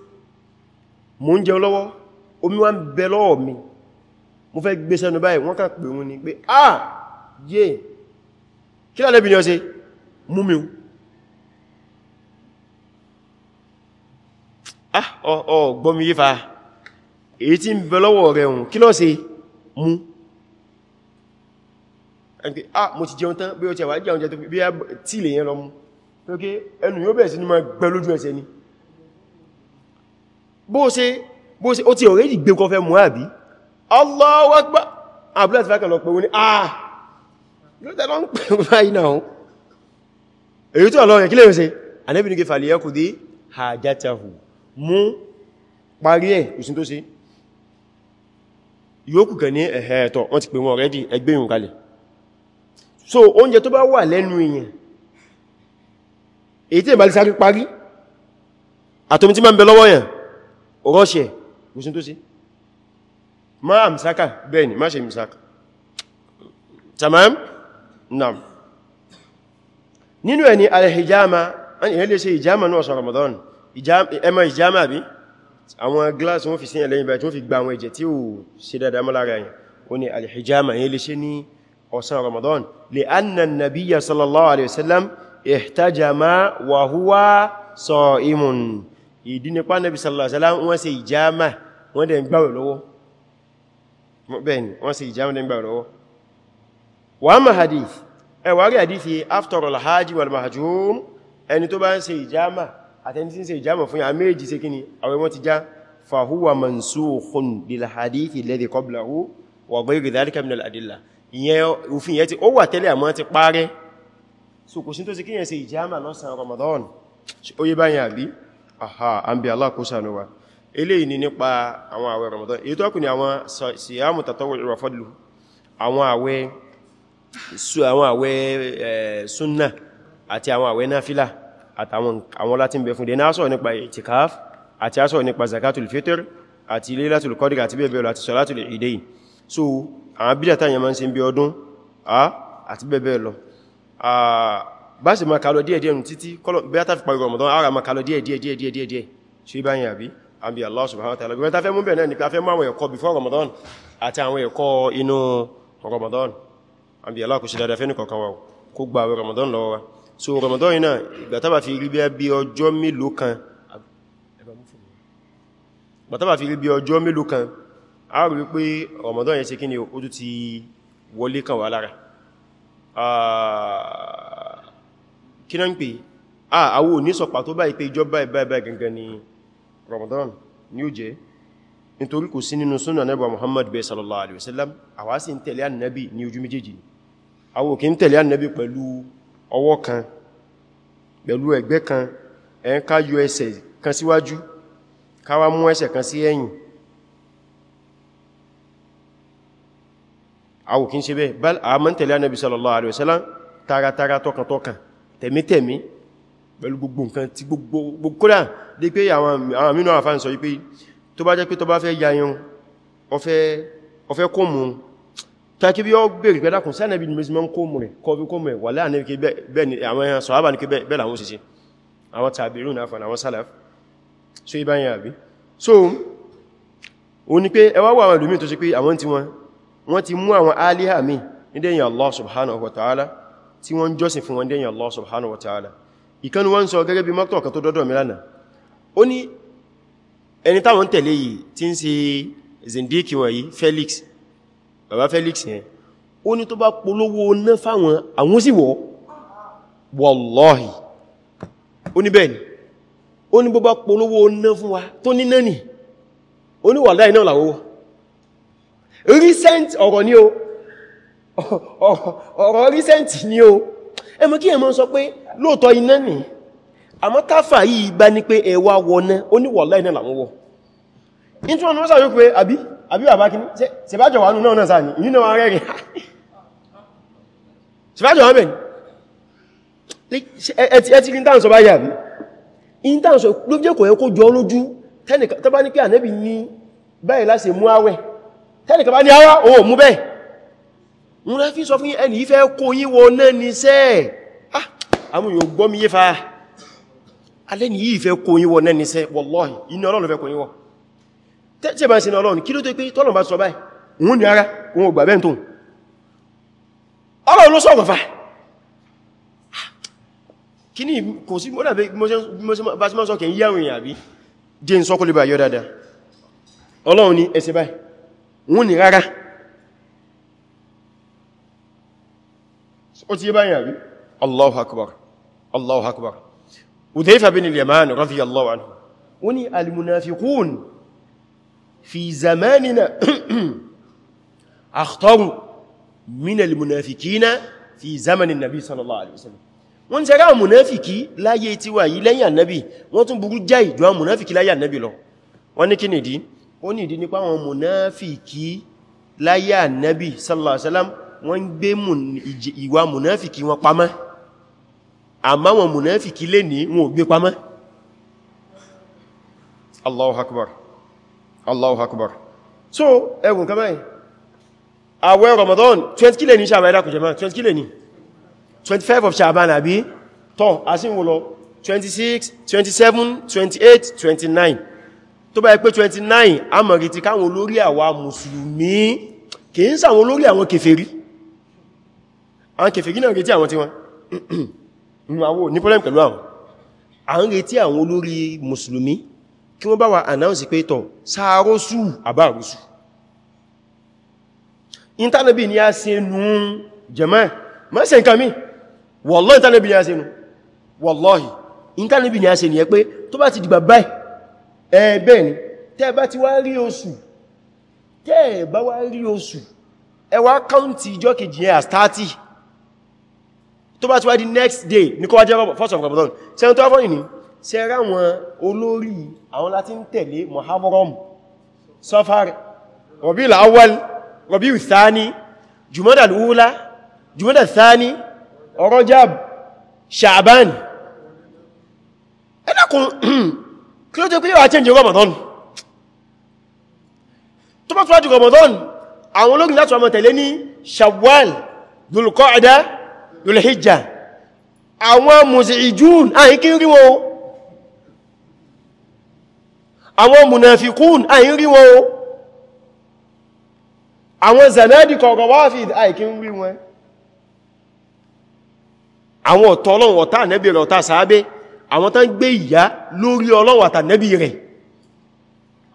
S1: mo ń jẹun lọ́wọ́ omi wá ń bẹ lọ́wọ́ mi mo fẹ́ gbé sẹ́nu báyìí wọ́n kà pè wọn ni pé ah yé kí lálẹ́bì ni ọ ṣe mú mi ah ọ gbọ́mi yífa èyí tí ń bẹ lọ́wọ́ rẹ̀ hùn kí ló ṣe mú ah mo ti jẹun tán bí ó ti àwájá oúnjẹ tó bí i tí lè yẹn lọ mú ẹnu yóò bẹ̀rẹ̀ sí ni bó ṣe bó ó ti already gbé kò fẹ́ mú àbí Allahu Akbar àbúlẹ̀ ti lọ pé wọ́n ni ah lóòtẹ́ lọ ń pè báyìí náà èyí tó ọlọ́rẹ̀ kí lè ṣe Ànábì ní kí falyaqdi hajatahu mú parí ẹ̀ ìsìn tó ṣe yóòkù kẹ ní ẹ̀hẹ́ ẹ̀tọ́ wọ́n ti pè wọ́n already ẹgbẹ́ ìrùn so oúnjẹ tó bá wà lẹ́nu èèyàn èyí tí ìbálẹ̀ sáré parí àtòmí tí máa ń bẹ lọ́wọ́ yẹn rọ́ṣẹ̀ gúsùn tó sí ma àmìsáka bẹ́ẹ̀ni má ṣe mìsáka tamam naam nínú ẹni alhijama ẹni lè ṣe hijama ní ọ̀sán Ramadan ẹmọ hijama e bí àwọn glass wọ́n fi sí ẹlẹ́yìn báyìí tí wọ́n fi gba àwọn ẹ̀jẹ̀ tí ó ṣe dáadáa mọ́ lára yẹn ó ní alhijama ẹni lè ṣe ní ọ̀sán Ramadan li anna nabiyya sallallahu alaihi wasallam ihtajama wa huwa sa'imun ìdí nípa nẹ́bí sallásálá wọ́n ṣe ìjámà wọ́n dẹ̀ ń gbàwẹ̀ lọ́wọ́ bẹ́ẹ̀ni wọ́n ṣe ìjámà dẹ̀ ń gbàwẹ̀ lọ́wọ́ wà má hadith ẹwà rí hadith after all hajji wal mahjum ẹni tó bá ń ṣe ìjámà àtẹni tí ń ṣe ìjámà fún yà méjì ṣe kíni àwẹ̀ wọn ti já fahuwa mansukhun bil hadith alladhi qablahu wa ghayri wà tẹ́lẹ̀ aha an bi Allah kó ṣàánú wa eléyìí ni nípa àwọn àwẹ̀ Ramadan èyí tó kù ni àwọn siyamu tatawwu' wa fadlu àwọn àwẹ̀ su àwọn àwẹ̀ eh, sunna àti àwọn àwẹ̀ nafila àtàwọn àwọn láti ń bẹ fún dena sọ nípa itikaf àti a sọ nípa bá sì ma kàlọ̀ díẹ̀díẹ̀ nù títí bí a tàfi parí Ramadan ara ma kàlọ̀ díẹ̀díẹ̀díẹ̀díẹ̀ ṣe bá yìn àbí àbí Allah subhanahu wa ta'ala gbẹ̀rẹ̀ tàfẹ́ mú bẹ̀rẹ̀ nípa fẹ́ mú àwọn ẹ̀kọ́ before Ramadan àti àwọn ẹ̀kọ́ inú Ramadan àbí Allah kò ṣe dáadáa fẹ́ nìkọ̀kan wa kó Ramadan lọ wa Ramadan yìí náà ìgbà tàbà fi rí bí ọjọ́ mélòó kan ìgbà tàbà fi rí bí ọjọ́ mélòó kan a wọlé kan wà lára ah, kí náà ń pè àwọn onísọ̀pá tó báyìí pé ìjọba ìbáyìí gangan ni Ramadan ni ó jẹ́ nítorí kò sí nínú súnà nẹ́bà Muhammad bẹ́ sallallahu alaihi wasallam àwa sì ń tẹ̀lé annabi ní ojú méjèèjì àwọn òkè ń tẹ̀lé annabi pẹ̀lú ọwọ́ kan pẹ̀lú ẹgbẹ́ kan ẹn ká yọ ẹsẹ̀ kan síwájú ká wá mú ẹsẹ̀ kan sí ẹ̀yìn àwọn òkè ń ṣe bẹ́ẹ̀ bá a máa ń tẹ̀lé annabi sallallahu alaihi wasallam tààràtààrà tọkàntọkàn tẹ̀mítẹ̀mí pẹ̀lú gbogbo nǹkan tí gbogbo kódà dé pé àwọn mínú àfáà ń sọ wípé tó bá jẹ́ pé tó bá fẹ́ yayan ọfẹ́ kóòmù tàkí bí ó bèèrè pé dákùn sí ànẹ́bí ní mọ́ kóòmù rẹ̀ kọfí kóòmù rẹ̀ wà láàrín àwọn sọ̀hábà ní bẹ́ẹ̀ làwọn òṣìṣẹ́ àwọn tàbírùn àfàn àwọn sálàf so ibá yẹn àbí so o ní pé ẹwà wà àwọn ìlúmí tó ṣe pé àwọn tí wọ́n ti mú àwọn alíhà mi nídẹ̀yìn Allah subhanahu wa ta'ala tí wọ́n jọ́sìn fún wọn dẹ́yìn Allah subhanahu wa ta'ala ìkanu wọ́n sọ gẹ́gẹ́ bí mọ́kànlá tó dọ́dọ̀ mi lánàá ó ní ẹni táwọn tẹ̀lé yìí tí ń ṣe zindiki wọ̀nyí Felix bàbá Felix yẹn ó ní tó bá polówó ná fáwọn àwọn sì wọ́ wallahi ó ní bẹ́ẹ̀ ni ó ní bó bá polówó ná fún wa tó ní náà ni ó ní o ọ̀rọ̀ rísẹ́ntì ni o ẹmọ kí ẹmọ sọ pé lóòtọ́ iná nì àmọ́ káfà yìí bá ní pé ẹwà wọná ó ní wọ̀lá iná làwọn wọ̀ in tí wọ́n ní wọ́n sàrí pé àbí àbí bàbá kí ní ṣẹbájọ̀ wà nínú náà sáà ní ìyínà wọn rẹ̀rìn <laughs> ṣẹbájọ̀ wọn bẹ̀ni ẹti rí tàǹsọ bá yà bí in tàǹsọ ló jẹ́ kò yẹ kó jọ lójú tẹ́nìkan tó bá ní pé ànẹ́bì ní báyìí láti mú mú rẹ̀ fi sọ fún ẹni ìfẹ́ kó yí wọ náà ní sẹ́ ah, àwọn yóò gbọ́ mi yé fa alẹ́ ni yìí fẹ́ kó yí wọ náà ní sẹ́ wallahi iná ọlọ́run fẹ́ kó yí wọ tẹ́tẹ́ bá ń sin ọlọ́run kí ló tó pé tọ́lọ̀ bá sọ báyìí ó ti yé báyìí àrí allahu akbar allahu akbar udhaifa bin al-yaman radiyallahu anhu wani al-munafiqun fi zamanina <clears throat> akhtaru min al-munafiqina fi zamanin nabi sallallahu alaihi wasallam wọ́n ṣe ra munafiki láyé tí wà yìí lẹ́yìn annabi wọ́n tún burú jẹ́ ìjọ munafiki láyé annabi lọ wọ́n ní kí nìdí ó nìdí nípa àwọn munafiki láyé annabi sallallahu alaihi wasallam wọ́n ń gbé ìwà mùnáfìkì wọn pamọ́ àmá wọn mùnáfìkì lè ní wọn ò gbé pamọ́ Allahu Akbar Allahu Akbar so ẹgbùn kama ẹ̀ àwẹ̀ Ramadan 20 kílẹ̀ ní Ṣàbán ẹ̀dàkù jẹma 20 kílẹ̀ ní 25 of Ṣàbán àbí tọ́ asínwò lọ 26 27 28 29 tó bá ẹ pé 29 a mọ̀ rí ti káwọn olórí àwa mùsùlùmí kìí sàwọn olórí àwọn kèfèrí àwọn kèfèrí náà retí àwọn tí <clears throat> wọ́n problem pẹ̀lú àwọn àwọn retí àwọn olórí mùsùlùmí kí wọ́n bá wa announce pé tọ̀ sáàrósù àbáàrósù ìntánàbí ni a ṣe nù jẹ́mọ́ ma ṣe nǹkan mi wallahi ìntánàbí ni a ṣe nù wallahi ìntánàbí ni a ṣe nìyẹ pé tó bá ti dìgbà báyìí ẹ̀ẹ́bẹ̀ ni tẹ́ bá ti tó bá ti di next day ní kó jẹ́ first of Ramadan sẹ́yìn tó wáfọ́nì ní sẹ́rẹ́ àwọn olórí àwọn láti ń tẹ̀lé Muharram Safar Rabiul Awwal Rabiul Thani Jumada al-Ula Jumada al-Thani Rajab Sha'ban ẹ̀dàkùn <clears throat> kí ló jẹ́ pé yíwa change Ramadan tó bá ti wá di Ramadan àwọn olórí láti wá lòlẹ́hìjá àwọn mùsìlìjún àìkírí wọn o àwọn munafikun àìrí wọn o àwọn zanadi kọ̀ọ̀kan wáfíd àìkírí wọn àwọn ọ̀tọ̀ ọlọ́run ọ̀tá rẹ̀ sàábé àwọn tán gbé ìyá lórí rẹ̀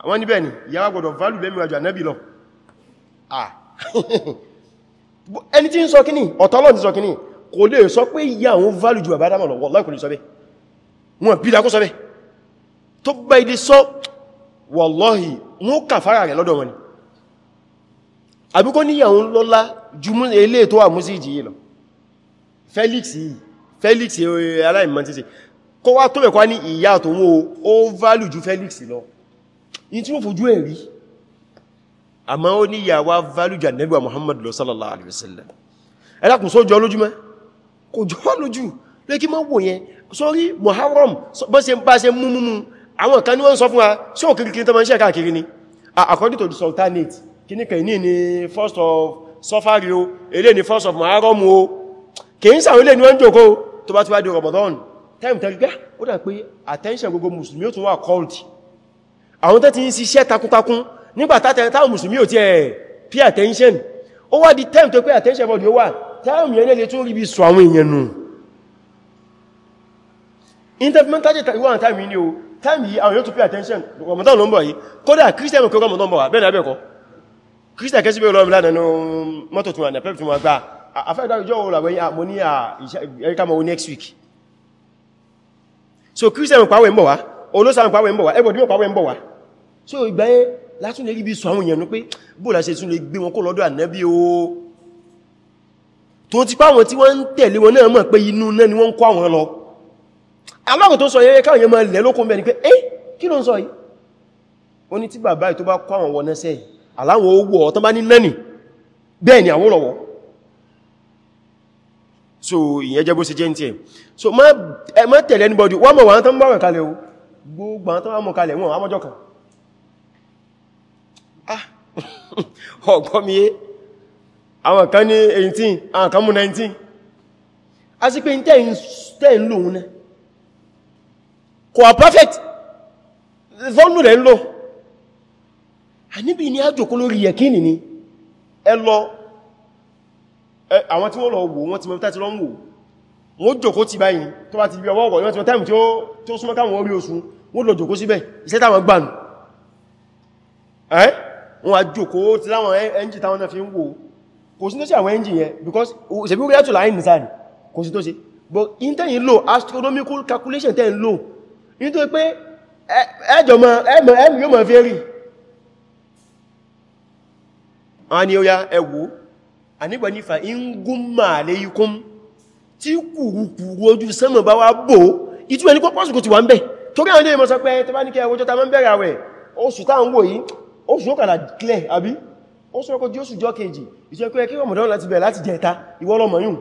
S1: àwọn níbẹ̀ ni ìyá gbọ́dọ̀ válù lọ <laughs> ẹni tí ń sọ kíní ti sọ kò lè sọ pé ìyá àwọn value ju bàbá dámọ̀ lọ́wọ́ láìkò lè sọ bẹ́ wọn bí lákó sọ bẹ́ tó bá ìdí sọ wallahi wọn kàfàrà rẹ̀ lọ́dọ̀ wọn ni àbíkọ́ níyàwó lọ́lá ju ilé tó wà músí ìjì yìí lọ Felix yìí Felix eh, aláìmọ̀ títí kó wá tó mẹ́kọ́ ní ìyá tó wó ó value ju Felix lọ in tí wọ́n fojú ẹ̀ rí àmọ́ ó níyàwó value ju Ànábì Muhammad lọ sallallahu alaihi wasallam ẹlákùn sójọ kò jọ wá lé kí mọ́ wò yẹn sórí Muharram bọ́ se ń bá se mú múmú àwọn kan ní wọ́n sọ fún wa sí ò tó mọ́ iṣẹ́ káàkiri ni according to the sultanate kìní kan ní ni first of Safari o èlé ni first of Muharram o kì ń sàwọn ilé ni wọ́n jòkó tó bá ti wá di time tẹ́lú pé ó dà pé attention gbogbo musulmi ó tún wà called àwọn tẹ́ ti ń ṣiṣẹ́ takuntakun nígbà táwọn musulmi pay attention ó wá di time tó pé attention body ó wà táàmù yẹn lè tún rí bí sọ àwọn èèyàn nù intermittent ìwọ̀n táàmù yìí ni o táàmù yìí àwọn yóò tún pay attention Ramadan ló ń bọ̀ yìí kódà Christian kò Ramadan bọ̀ wà bẹ́ẹ̀ lábẹ́ẹ̀kọ́ Christian kẹsí bẹ́ẹ̀ lọ́rùn lánàá mọ́tò tún ànà pẹ́pù tún wọn gbá afẹ́dá ìjọ òun làwẹ́ àmọ́ ní ẹ̀ríkà mọ́ next week so Christian pàwẹ̀ ń bọ̀ wá olóṣàmù pàwẹ̀ ń bọ̀ wá everybody pàwẹ̀ ń bọ̀ wá so ìgbà yẹn látún lè rí bí sọ àwọn èèyàn pé bóòlà ṣe tún lè gbé wọn kó lọ́dọ̀ ànábí o tó ti pàwọn tí wọ́n ń tẹ̀lé wọn náà mọ̀ pé inú náà ni wọ́n ń kọ́ àwọn lọ alákò tó sọ yẹ́ káwọn yẹ mọ́ ilẹ̀ lókún bẹni pé eh kí ló sọ yìí ó ní tí bàbá tó bá anybody <laughs> àwọn kan ní 18 àwọn kan mú 19 a sì pé ní tẹ́ ń lò ní kò wà perfect zọ́nù rẹ̀ ń lò a níbi ní àjòkó lórí yẹ̀kínì ni ẹ lọ àwọn tí wọ́n lọ wò wọ́n ti mẹ́ta ti lọ ń wò wọ́n jòkó ti báyìí tó bá ti bí ọwọ́ ọ̀gọ̀ yọ́n ti mọ́ táìmù tí ó súnmọ́ káwọn orí oṣù wọ́n lọ jòkó síbẹ̀ iṣẹ́ táwọn gbànù ẹ́ wọ́n a jòkó ti láwọn ẹ́ńjì táwọn náà fi ń wò kò sí tó sí àwọn engine yẹn because ṣebí ó rẹ́tù láàrín nìsá ni kò sí tó sí but in tẹ́yìn lò astronomical calculation tẹ́yìn lò in tó pé ẹjọ mọ̀ ẹmù yóò mọ̀ fi rí a ni ó ya ẹwò ànígbà nífà in gún máa lè ikún tí kùrùkùrù ojú sánmà bá wá bò ìtú ẹni kó pọ́sùkù ti wà ń bẹ̀ torí àwọn ilé ìmọ̀ sọ pé tẹ́bá ní kẹ́ ẹwọ́jọ́ta mọ́ bẹ̀rẹ̀ àwẹ̀ oṣù táà ń oṣù ó kàlà clear àbí ó sọ́kọ́ di oṣù jọ kejì ìṣẹ́kọ́ ẹkẹ́ Ramadan láti bẹ̀rẹ̀ láti jẹta ìwọ́lọ́mọ̀ yùn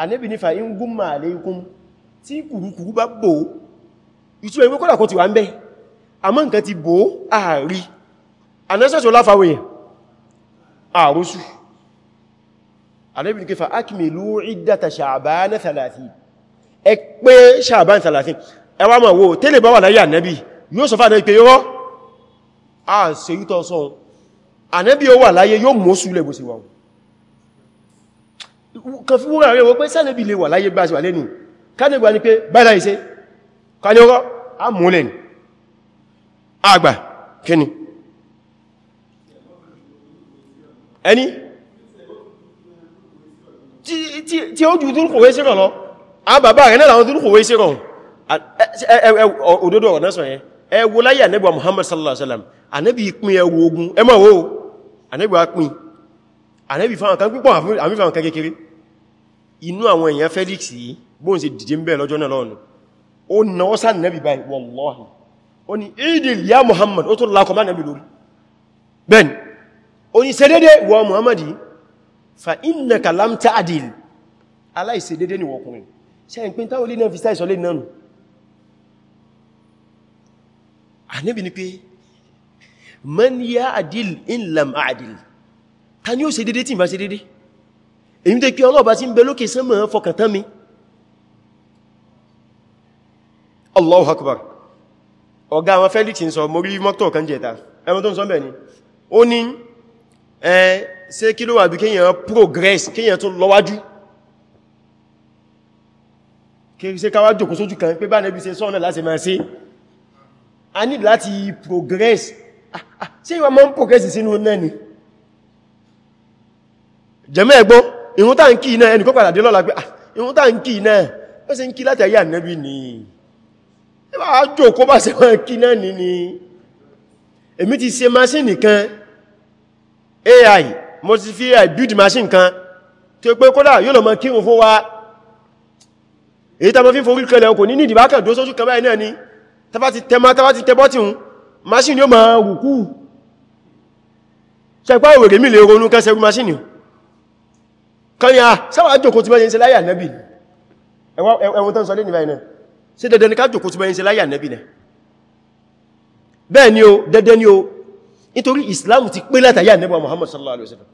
S1: anẹ́bì nífà in gúnmà alaykum tí kùrùkùrù bá bò ìtú ẹgbẹ́ kọ́dà kò ti wà ń bẹ́ àmọ́ nǹkan ti bò ààrí anẹ́sẹ̀ṣọ́ láfàwẹ̀ àrùsù anẹ́bì ní kẹfà akmilu iddata Sha'ban 30 ẹ pé Sha'ban 30 ẹ wá máa wò tẹ́lẹ̀ bá wà láyé anẹ́bì yóò sọ fà náà pé yóò rọ́ àṣẹ́yútọ̀ sọ́run ànábí ó wà láyé yóò mọ́ súlẹ̀ bó sì wà kan fún wúra rẹ̀ wọ́n pé sánàbí lè wà láyé gbáṣíwà lẹ́nu kánàbà ní pé báyìí láìsẹ́ kánàbà àmúlẹ̀ ni àgbà kíni ẹni tí ó jù dúrù kòwé síràn lọ a bàbá rẹ̀ náà láwọn dúrù Ànábì wá pín Ànábì fáwọn kan púpọ̀ àmì fáwọn kan kékeré inú àwọn èèyàn Felix yìí bóhùn sí dìde ń bẹ̀ lọ́jọ́ náà lọ́nà ó náwọ́ sáà nẹ́bì báyìí wallahi ó ní ìdìl ya Muhammad ó tó lákọ má ben ó ní sẹ́dẹ́dẹ́ wọ Muhammad yìí fa innaka lam ta'dil aláìsẹ́dẹ́dẹ́ ni wọkùnrin ṣe ń pín táwọn ilé náà fi sáìsọ́lé náà nù man ya adil in lam adil ta ni ó ṣe dédé tí n bá ṣe dédé èyí tẹ́ kí ọlọ́ọ̀bá tí ń bẹ lókè sánmọ̀ fọkàntán mi allahu akbar ọ̀gá àwọn felix ń sọ morí mọ́tò kan jẹta ẹmọ tó ń sọ bẹ̀ ni ó ní ẹ ṣe kí ló wà bí kíyàn progress kíyàn tó lọ́wájú kí ṣe káwà jòkó sójú kan pé bá nẹ́bí ṣe sọ́ọ̀nà láti máa ṣe a ní láti progress ṣe ìwà mọ́ ń pòkẹ́sì sínú nẹ́ni jẹ́mẹ́ ẹgbọ́n ìrun tàà ń kí iná ẹnìkọ́ padà dé lọ́la pé ah, ìrun tàà ń kí iná ó sì ń kí láti ayé ànẹ́bí ni ẹbá ájò kó bá ṣe wọ́n kí náà ní ni èmi ti ṣe machine kan AI mo ti fi AI build machine kan tí ó pé kódà yóò lọ mọ kírun fún wa èyí tá mọ́ fi forí kẹlẹ̀ ọkọ̀ ní nìdìbákàn tó sójú kan báyìí náà ni tàbá ti machine yóò máa wùkú ṣẹpá òwèrè mílè ronú kan ṣẹrú machine kan ah, ni a sáwà jòkó tí bẹ́yìn sí láyà nẹ́bì ẹwọ́n tán sọ lé nìbáyìí náà sí dẹ̀dẹ̀ ní ká jòkó tí bẹ́yìn sí láyà nẹ́bì náà bẹ́ẹ̀ ni o dẹ̀dẹ̀ ni o nítorí Islam ti pé látàyà nẹ́bà Muhammad sallallahu alaihi wasallam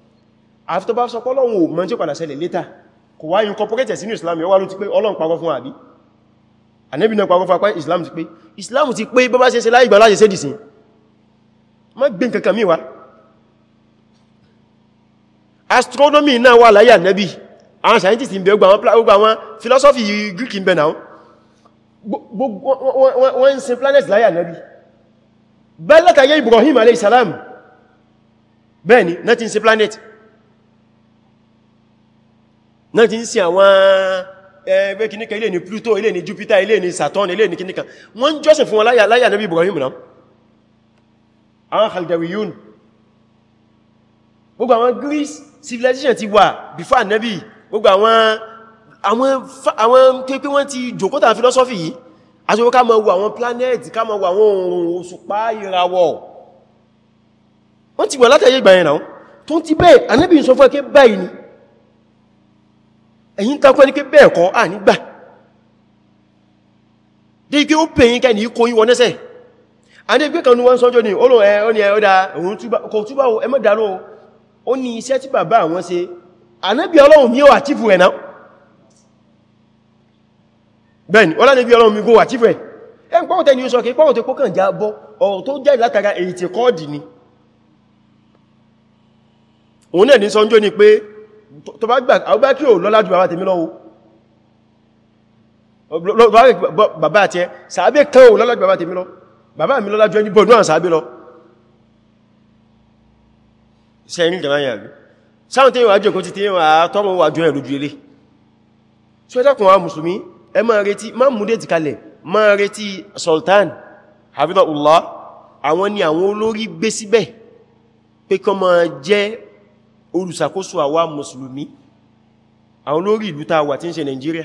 S1: àfi tó bá sọ pé Ọlọ́run ò mọ̀ tí ó padà ṣẹlẹ̀ later kò wá incorporate sínú Islam yọ wá ló ti pé Ọlọ́run parọ́ fún àbí ànẹ́bì náà pàkọ́fà pẹ́ islam ti pé islam ti pé bọ́bá ṣe ṣe láì gbà láyé ṣe dìsìn má gbé nǹkankan míwá astronomy náà wà láyé ànẹ́bì àwọn scientist ń bẹ gbogbo àwọn philosophy greek ń bẹ náà wọ́n ń sin planet láyé ànẹ́bì bẹ́ẹ̀ látàyé ibrahim alayhi salam bẹ́ẹ̀ ni 19 sin planet 19 sin àwọn ẹgbẹ́ kìníkà ilé ni Pluto ilé ni Jupiter ilé ni Saturn ilé ni kìníkà wọ́n ń jọ́sìn fún wọn láyà láyà Nabi Ibrahim náà àwọn Khaldawiyun gbogbo àwọn Greece civilization ti wà before Nabi gbogbo àwọn àwọn kéèké wọ́n ti jòkótà philosophy yìí aṣọ́wọ́ ká mọ̀ wo àwọn planet ká mọ̀ wo àwọn oòrùn òṣùpá ìràwọ̀ wọ́n ti wà látàyè ìgbà yẹn náà tó ti bẹ́ẹ̀ Ànábì sọ fún ẹkẹ́ báyìí ni ẹ̀yin takọ́ ní pé bẹ́ẹ̀ kọ́ à nígbà dé kí ó pè yín kẹ́ ní kó yí wọnẹ́sẹ̀ a ní ẹgbẹ́ kan ní wọ́n sọ́jọ́ ní olóò ẹ ọ́nà ẹ̀ọ́dá òun kò túbá ẹ mọ́ dánú ó ní iṣẹ́ tí bàbá àwọn ṣe ànábì ọlọ́run mi ó àtífù ẹ̀ náà bẹ́ẹ̀ni ọlánàbí ọlọ́run ẹ̀ ni ó sọ kí tó òun náà ní sọ́njọ́ ni pé tó bá gbà Abubakar ò lọ́lá ju bàbá tèmi lọ́wọ́ bàbá àti ẹ sàábé kan ò lọ́lá ju bàbá tèmi lọ bàbá mi lọ́lá ju ẹni bọ̀ náà sàábé lọ sẹ́rin gẹ̀ráyà rí sáwọn tẹ́yìn àjò kò ti tẹ́yìn wà tọ́mọ wà jọ ẹ̀rù ju ilé tí ó dákùn wa mùsùlùmí ẹ máa retí máa mú dé tìkalẹ̀ máa retí sultan hafidhullah àwọn ni àwọn olórí gbé síbẹ̀ pé kó máa jẹ́ olùṣàkóso àwa mùsùlùmí àwọn olórí ìlú tá wà tí ń ṣe Nigeria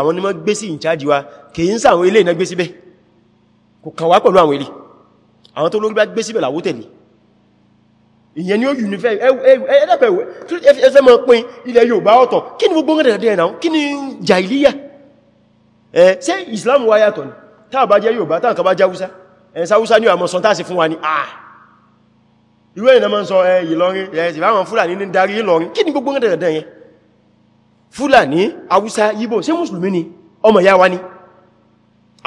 S1: àwọn ni wọ́n gbé sí ìnchájì wa kìí ń sàwọn ilé ìná gbé síbẹ̀ kò kàn wá pẹ̀lú àwọn ilé àwọn tó lórí bá gbé síbẹ̀ làwó tẹ̀lé ìyẹn ni ó unifẹ́ ẹ̀ẹ́dẹ́pẹ̀ mọ́ pín ilẹ̀ Yorùbá ọ̀tọ̀ kí ni gbogbo rẹ̀dẹ̀ náà kí ni jàìlíyà ẹ̀ ṣe Islam wáyàtọ̀ ni táà bá ah irú ẹ̀yìn náà sọ ẹ Ìlọrin ẹ̀sì báwọn Fúlàní ní darí Ìlọrin kí ni gbogbo rẹ̀ dẹ̀rẹ̀ yẹn Fúlàní Haúsá Yíbò ṣé mùsùlùmí ni ọmọ ìyá wa ni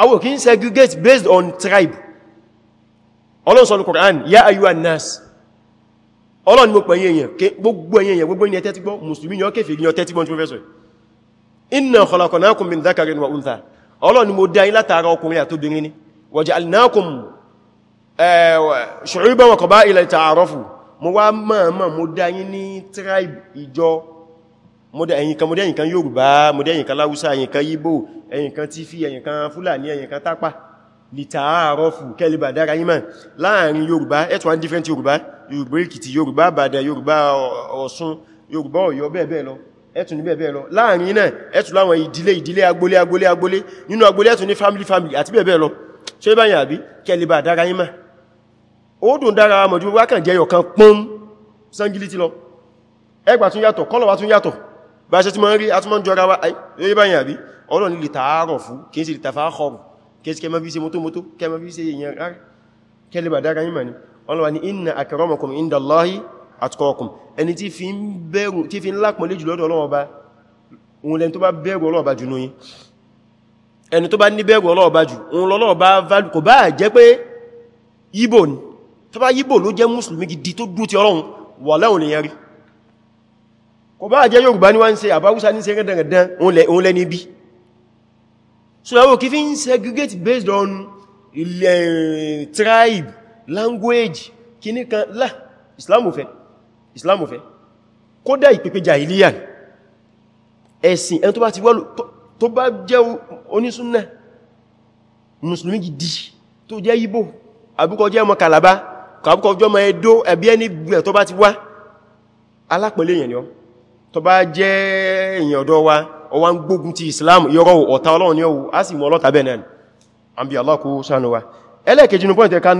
S1: àwọn kì í segregate based on tribe Ọlọ́run sọ ní Qur'an ya ayyuhan nas Ọlọ́run ni mo pẹ̀yẹ èèyàn gbogbo èèyàn èèyàn gbogbo èèyàn tẹ́tígbọ́ mùsùlùmí ni ó kéfèé ní ọtẹ́tígbọ́n tí ó fẹ́sọ̀ inna khalaqnakum min dhakarin wa untha Ọlọ́run ni mo dá yín látara ṣùgbọ́n wọ̀kọ̀ bá ilẹ̀ tààrọ́fù mo wá mọ̀ọ̀mọ̀ mo dá yín ní tribe ìjọ ẹ̀yìnkan mo dá ẹ̀yìnkan Yorùbá mo dá ẹ̀yìnkan Láwúsá ẹ̀yìnkan Ìgbò ẹ̀yìnkan Tífì ẹ̀yìnkan Fúlàní ẹ̀yìnkan Tápà lè tààrọ́fù kẹlìbà dára yín mọ̀ láàrin Yorùbá ẹ̀tùwà different Yorùbá Yorùbá Èkìtì Yorùbá Ìbàdàn Yorùbá Ọ̀ṣun Yorùbá Ọ̀yọ́ bẹ́ẹ̀ bẹ́ẹ̀ lọ ẹ̀tùn ní bẹ́ẹ̀bẹ́ẹ̀ lọ láàrin náà ẹ̀tùn láwọn ìdílé ìdílé agbolé agbolé agbolé nínú agbolé ẹ̀tùn ní family family àti bẹ́ẹ̀bẹ́ẹ̀ lọ ṣe báyìí àbí kẹlìbà dára yín mọ̀ ó dùn dára mọ̀ ju wákàn jẹyọ kan pọ́n sangili ti lọ ẹgbà tún yàtọ̀ kọ́lọ̀ wá tún yàtọ̀ bá ṣe tí mọ́ ń rí atúmọ́ jọra wá ayé báyìí àbí ọlọ́ni lè tààrọ̀ fún kìí sí lè tàfà ọrù kìí sí kẹmọ́ bí ṣe Allahi atqakum ẹni tí fi ń bẹ̀rù tí fi ń lápọ̀lé jù lọ́dọ̀ ọlọ́ọ̀ba òun lẹni tó bá bẹ̀rù ọlọ́ọ̀ba jù nìyí ẹni tó ibo ni tó bá yíbò ló jẹ́ mùsùlùmí gidi tó dúró ti ọlọ́run wà láwọn èèyàn rí kò bá jẹ́ yorùbá ní wọ́n ń ṣe àbáwúsá ní ṣe rẹ̀dẹ̀rẹ̀dán òun lẹ́ni bí so ẹwọ́ kí fi ń segregate based on ilẹ̀ tribe language kíní kan lá islam ò fẹ́ islam ò fẹ́ kódà ìpèpè jahiliya ẹ̀sìn ẹni tó bá ti wọ́lù tó bá jẹ́ onísúnnà mùsùlùmí gidi tó jẹ́ yíbò àbúkọ jẹ́ ọmọ kàlàbá kàbùkọ̀ ọjọ́ ma ẹdó ẹ̀bí ẹni gbẹ̀ tó bá ti wá alápẹ̀lẹ̀ èèyàn yọ tó bá jẹ́ èèyàn ọ̀dọ́ wa ọwá ń gbógun ti Islam yọrọ ọ̀tá Ọlọ́run ni ọwọ́ a sì mọ́ ọlọ́ta bẹ́ẹ̀ náà Allah kó ṣàánú wa ẹlẹ́ẹ̀kejì ní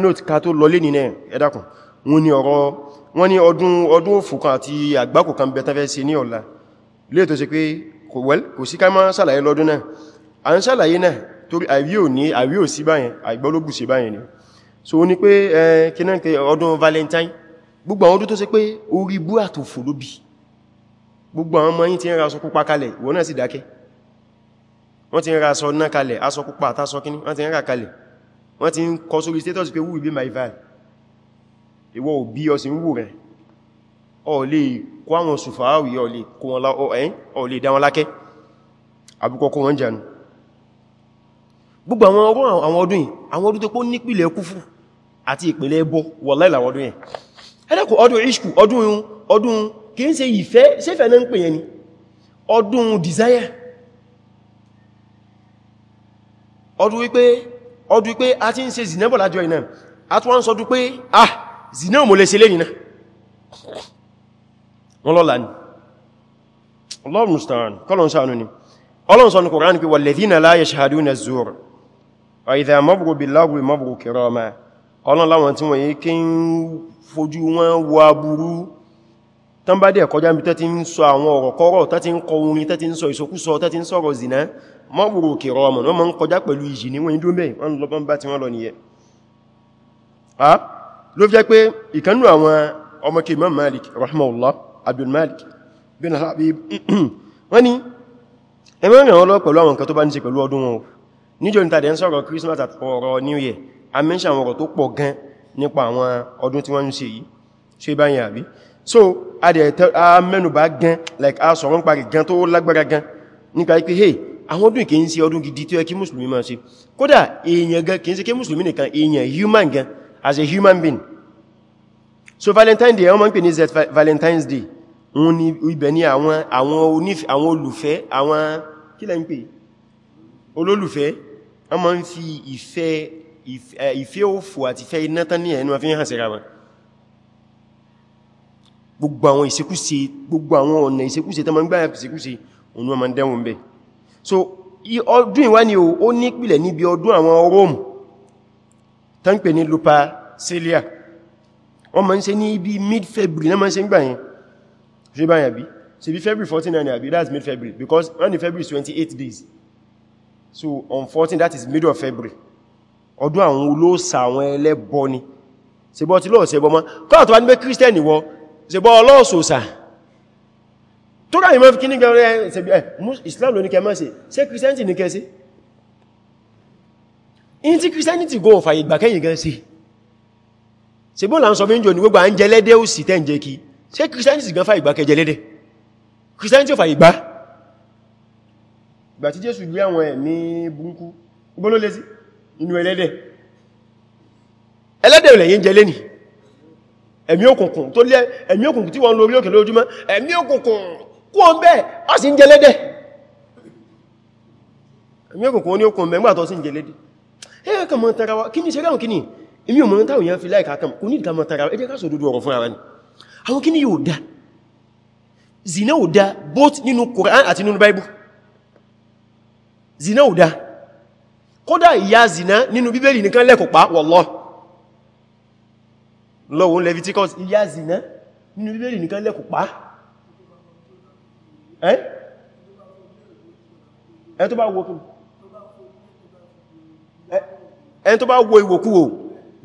S1: note ká tó lọlé nínú ẹ̀dàkùn wọ́n ní ọ̀rọ̀ wọ́n ní ọdún ọdún òfùkan àti àgbákò kan bẹ̀tẹ́ fẹ́ sí ní ọ̀la lè tó ṣe pé kò sí ká máa ṣàlàyé lọ́dún so ní pé kínáǹkẹ́ ọdún valentine gbogbo àwọn ọdún tó ṣe pé orí bú àtòfò ló bí gbogbo àwọn ọmọ yìí ti ń ra aṣọ pupa kalẹ̀ ìwọ náà sì dákẹ́ wọ́n ti ń ra aṣọ náà kalẹ̀ aṣọ pupa àtàṣọ kíní wọ́n ti ń ra kalẹ̀ wọ́n ti ń kọ sórí status pé wù ìbí my van ìwọ òbí ọsì ń wù rẹ̀ ọ lè kó àwọn sùfàáwì ọ lè kó wọn láọ́ ẹ̀yìn ọ lè dá wọn lákẹ́ àbúkọ kó wọn jànú gbogbo àwọn ọdún yìí àwọn ọdún tó pó nípìlẹ̀ kúfù àti ìpìlẹ̀ ẹbọ wọ̀láìlà ọdún yẹn ẹlẹ́kùn ọdún ìṣkù ọdún ọdún kì í ṣe ìfẹ́ sẹ́fẹ́ náà ń pè yẹn ni ọdún desire ọdún wípé ọdún wípé a ti ń ṣe zinebo lájọ iná a tún wá ń sọdún pé ah zinebo mo lè ṣe lẹ́yìn náà wọ́n lọ́la ni Allahu musta'an kọlọ̀n Ọlọ́run sọ wa idha marru bil-lagwi kirama ọlọ́n láwọn tí wọ́n yí kí ń fojú wọn wo aburú tán bá dẹ̀ kọjá mi tẹ́ ti ń sọ àwọn ọ̀rọ̀ kọ́rọ̀ tẹ́ ti ń kọ orin tẹ́ ti ń sọ ìsọkúsọ tẹ́ ti ń sọ̀rọ̀ zìnà mọ́wùrò kèrọ ọmọ wọ́n mọ́ ń kọjá pẹ̀lú ìjì ní wọ́n ìdúnbẹ̀ wọ́n lọ Abdul Malik bin Al-Habib <clears throat> wọ́n ni ẹmọ́ ìrìnà ọlọ́ pẹ̀lú àwọn nǹkan tó bá ní ṣe pẹ̀lú ọdún wọn níjọ́ níta New Year a mẹ́ṣà àwọn ọ̀rọ̀ tó pọ̀ gan nípa àwọn ọdún tí wọ́n ń ṣe yìí ṣe bá yẹn àbí so a dẹ̀ a mẹ́nubà gan like a sọ̀rọ̀ ń parí gan tó lágbára gan nípa ipé hey àwọn ọdún kìí ṣe ọdún gidi tó yẹ kí mùsùlùmí máa ṣe kódà èèyàn gan kìí ṣe kí mùsùlùmí nìkan èèyàn human gan as a human being so valentine day wọ́n máa ń pè ní z valentine's day wọ́n ní ibẹ̀ ní àwọn àwọn onífẹ́ àwọn olùfẹ́ àwọn kí lẹ́ ń pè olólùfẹ́ wọ́n máa ń fi ìfẹ́ ìfẹ́ òfò àti ìfẹ́ iná tán ní ẹnu àfihàn hàn síra wọn gbogbo àwọn ìṣekúṣe gbogbo àwọn ọ̀nà ìṣekúṣe tó ma ń gbáyà ìṣekúṣe òun wọ́n ma ń bẹ̀ so ọdún ìwá ni ó ní pìlẹ̀ níbi ọdún àwọn Róòmù tán pè ní Lupercalia wọ́n ma ń ṣe ní ibi mid-February náà ma ń ṣe ń gbà yẹn ṣe bá yàbí that's mid-February because only February is 28 days so on 14 that is middle of February ọdún àwọn olóòsà àwọn ẹlẹ́bọ ni ṣebọ́ tí lọ́ọ̀ ṣẹbọ mọ́ kọ́nà tó wá ní pé kírísítẹ́nì wọ ṣebọ́ ọlọ́ọ̀sọ̀sà tó ráyìí mọ́ fi kíní gẹ̀rẹ́ Islam ló ní kẹmọ́ sí ṣe kírísítẹ́nì ní kẹsí in tí kírísítẹ́nì go fàyè gbà kẹ́yìn gan sí ṣebọ́ là ń sọ méjì ní gbogbo à ń jẹ lẹ́dẹ́ ó sì tẹ́ǹjẹ́ kí ṣe kírísítẹ́nì gan fàyè inú ẹlẹ́dẹ̀ ẹlẹ́dẹ̀ lẹ́yìn jẹ lẹ́ni ẹ̀mí òkùnkùn tó lẹ́ ẹ̀mí òkùnkùn tí wọ́n lórí òkè lójúmọ́ ẹ̀mí òkùnkùn kú o ń bẹ́ ọ sì ń jẹ lẹ́dẹ̀ ẹ̀mí òkùnkùn ní okùn mẹ́gbà tó sì ń jẹ lẹ́dẹ̀ ẹ̀yà kan mọ́ tara wa kí ní ni àwọn Quran àti nínú Bible zina ò kódà ìyá zina nínú bíbélì nìkan lẹ́kọ̀pá wọ́lọ́ lọ́wọ́ Leviticus ìyá zina nínú bíbélì nìkan lẹ́kọ̀pá ẹ́ tó bá wo kí o tó bá wo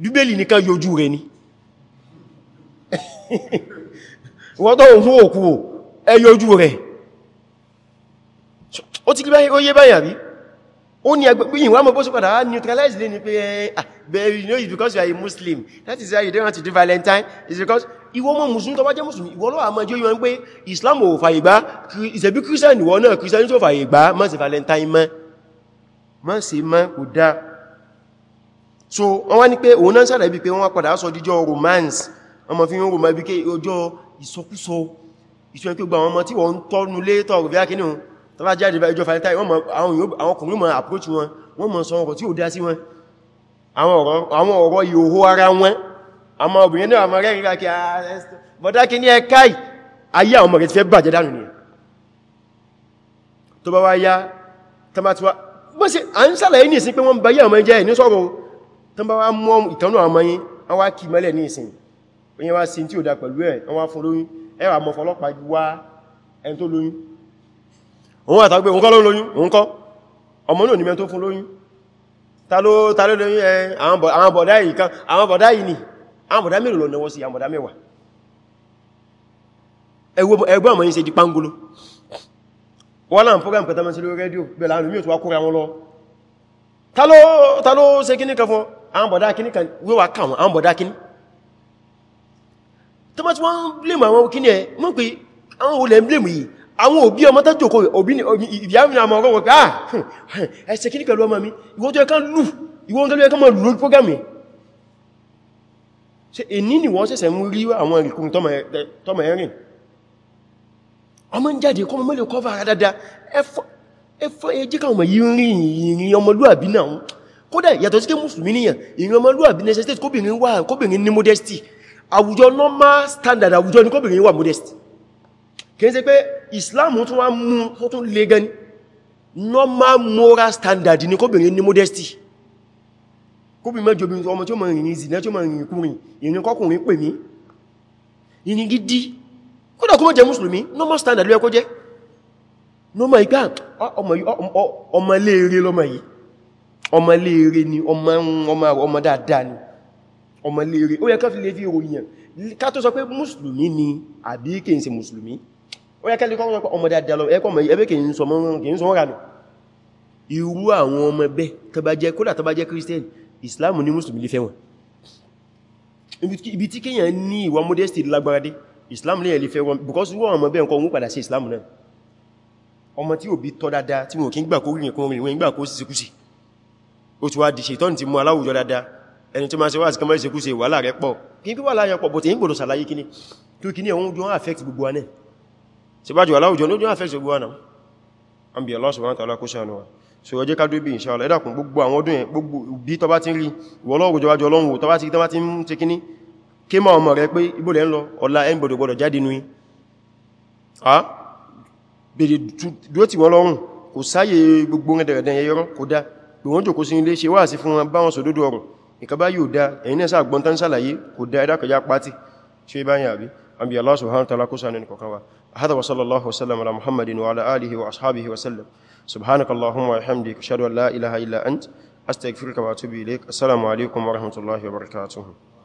S1: bíbélì nìkan yójú rẹ̀ ni <laughs> wọ́n tó òun o ẹ yójú rẹ̀ o ti kí báyé ó yé ó ní ẹgbẹ́ ìwọ́n mọ̀ bó ṣe padà neutralize lè ní pé ah, ẹ̀ẹ́ you know it's because you are a Muslim that is why you don't want to do Valentine it's because ìwọ mọ̀ Muslim tó bá jẹ́ Muslim ìwọ lọ́wọ́ àmọ́ jẹ́ yíwọ́n pé Islam ò fàyè gbà ìṣẹ̀bí Christian ìwọ náà Christian tó fàyè gbà má Valentine mọ́ má ṣe mọ́ kò so wọ́n wá ní pé òun náà sára ibi pé wọ́n wá padà sọ díjọ́ romance ọmọ fi ń romance bí ké ọjọ́ ìsọkúsọ ìṣẹ́ pé gbà wọn mọ́ tí wọ́n ń tọ́nu lé tó bá jáde bá ìjọ valentine wọ́n mọ̀ àwọn ọkùnrin mọ̀ approach wọn wọ́n mọ̀ sọ ọkọ̀ tí ó dá sí wọn àwọn ọ̀rọ̀ ìhòhò ara wọn àmọ́ obìnrin náà mọ̀ rẹ́rìn kí ah, bọ́dá kí ní ẹka ayé àwọn ọmọ rẹ̀ ti fẹ́ bàjẹ́ dànù ni tó bá wá yá tamatiwa tí wá òun àtàgbé òun kọ́ ló lóyún òun kọ́ ọmọ náà ní mẹ́ tó fún lóyún ta ló ta ló lóyún ẹ àwọn bọ̀dá yìí kan àwọn bọ̀dá yìí ni àwọn bọ̀dá mélòó lọ náwọ́ sí àwọn bọ̀dá mẹ́wàá ẹgbẹ́ ọmọ yìí ṣe di pangolo wọ́n láàrín program kẹta mọ́ sí lórí rédíò bẹ̀rẹ̀ àwọn olùmí ò tó wá kóra wọn lọ ta ló ta ló ṣe kíní kan fún àwọn bọ̀dá kíní kan wíwá àwọn òbí ọmọ tó jòkó òbí ìyàmìnà àmọ́ ọ̀rọ̀ wọ̀pẹ́ ah ẹsẹ̀ kí ní pẹ̀lú ọmọ mi ìwọ́n tó ẹkán lù ìwọ́n tó ẹkán mọ̀ lórí prógámì ṣe èní ni wọ́n ṣẹ̀ṣẹ̀ mú rí àwọn ìrìnkún tọ́mọ̀ ẹ̀rìn ọmọ ń jáde kọmọ mẹ́lẹ̀ kọ́fà ara dada ẹfọ́ ẹjí káwọn yìí rìn ìrìn ọmọlúàbí náà kódà yàtọ̀ sí kí mùsùlùmí níyàn ìrìn ọmọlúàbí necessity kóbìnrin wà kóbìnrin ní modesty àwùjọ normal standard àwùjọ ní kóbìnrin wà modesty kìí ṣe pé islam tún wá mú tó tún lè gani normal moral standard ní kóbìnrin ní modesty kóbìnrin mẹ́jọ obìnrin ọmọ tí ó mọ̀ rìn ìzìnà tí ó mọ̀ rìn ìkúrin ìrìn kọkùnrin pè mí ìrìn gidi kódà kó mọ́ jẹ́ mùsùlùmí normal standard ló yẹ kó jẹ́ normal igbá ah, ah, ọmọ léèrè lọ́mọ yìí ọmọ léèrè ni ọmọ dáadáa ni ọmọ léèrè ó yẹ ká fi lè fi ròyìn ká tó sọ pé mùsùlùmí ni àbí kìí ṣe mùsùlùmí ó yẹ kẹ́lẹ́kọ́ wọ́n pọ̀ ọmọ dáadáa lọ ẹkọ́ mọ̀ ẹbẹ́ kìí sọ mọ́ kìí sọ wọ́n ránù irú àwọn ọmọ ẹbẹ́ tọbajẹ́ kódà tọbajẹ́ Christian Islam ní Muslim lè fẹ́wọ̀n ibi tí because wọ́n ọmọ ẹbẹ́ nǹkan padà sí Islam náà ọmọ tí òbí tọ́ dáadáa tí wọn kì í gbà kó rìnrìn kún rìn wọn gbà kó sì kúsì ó ti wá di ṣètọ́n ti mú aláwùjọ dáadáa ẹni tó máa ṣe wá sí kọmọ́ síbájú aláwùjọ ní ojú àfẹ́sẹ̀ gbọ́ ọ̀nà an bí Allah subhanahu wa ta'ala kó ṣàánú wa so ọjẹ́ kádó bí insha Allah ẹ̀dàkùn gbogbo àwọn ọdún yẹn gbogbo bí tọ́ bá ti rí ìwọlọ́wọ́jọ́ wájú ọlọ́run tọ́ bá ti tọ́ bá ti ń ṣe kíní kí máa ọmọ rẹ̀ pé ibò rẹ̀ ń lọ ọlá ẹ̀ gbọdọ̀ gbọdọ̀ jáde nú bèèrè dúó tí wọ́n lọ́rùn kò sáyè هذا وصلى الله وسلم على محمد وعلى آله وأصحابه وسلم سبحانك اللهم وبحمدك أشهد أن لا إله إلا أنت أستغفرك وأتوب إليك السلام عليكم ورحمة الله وبركاته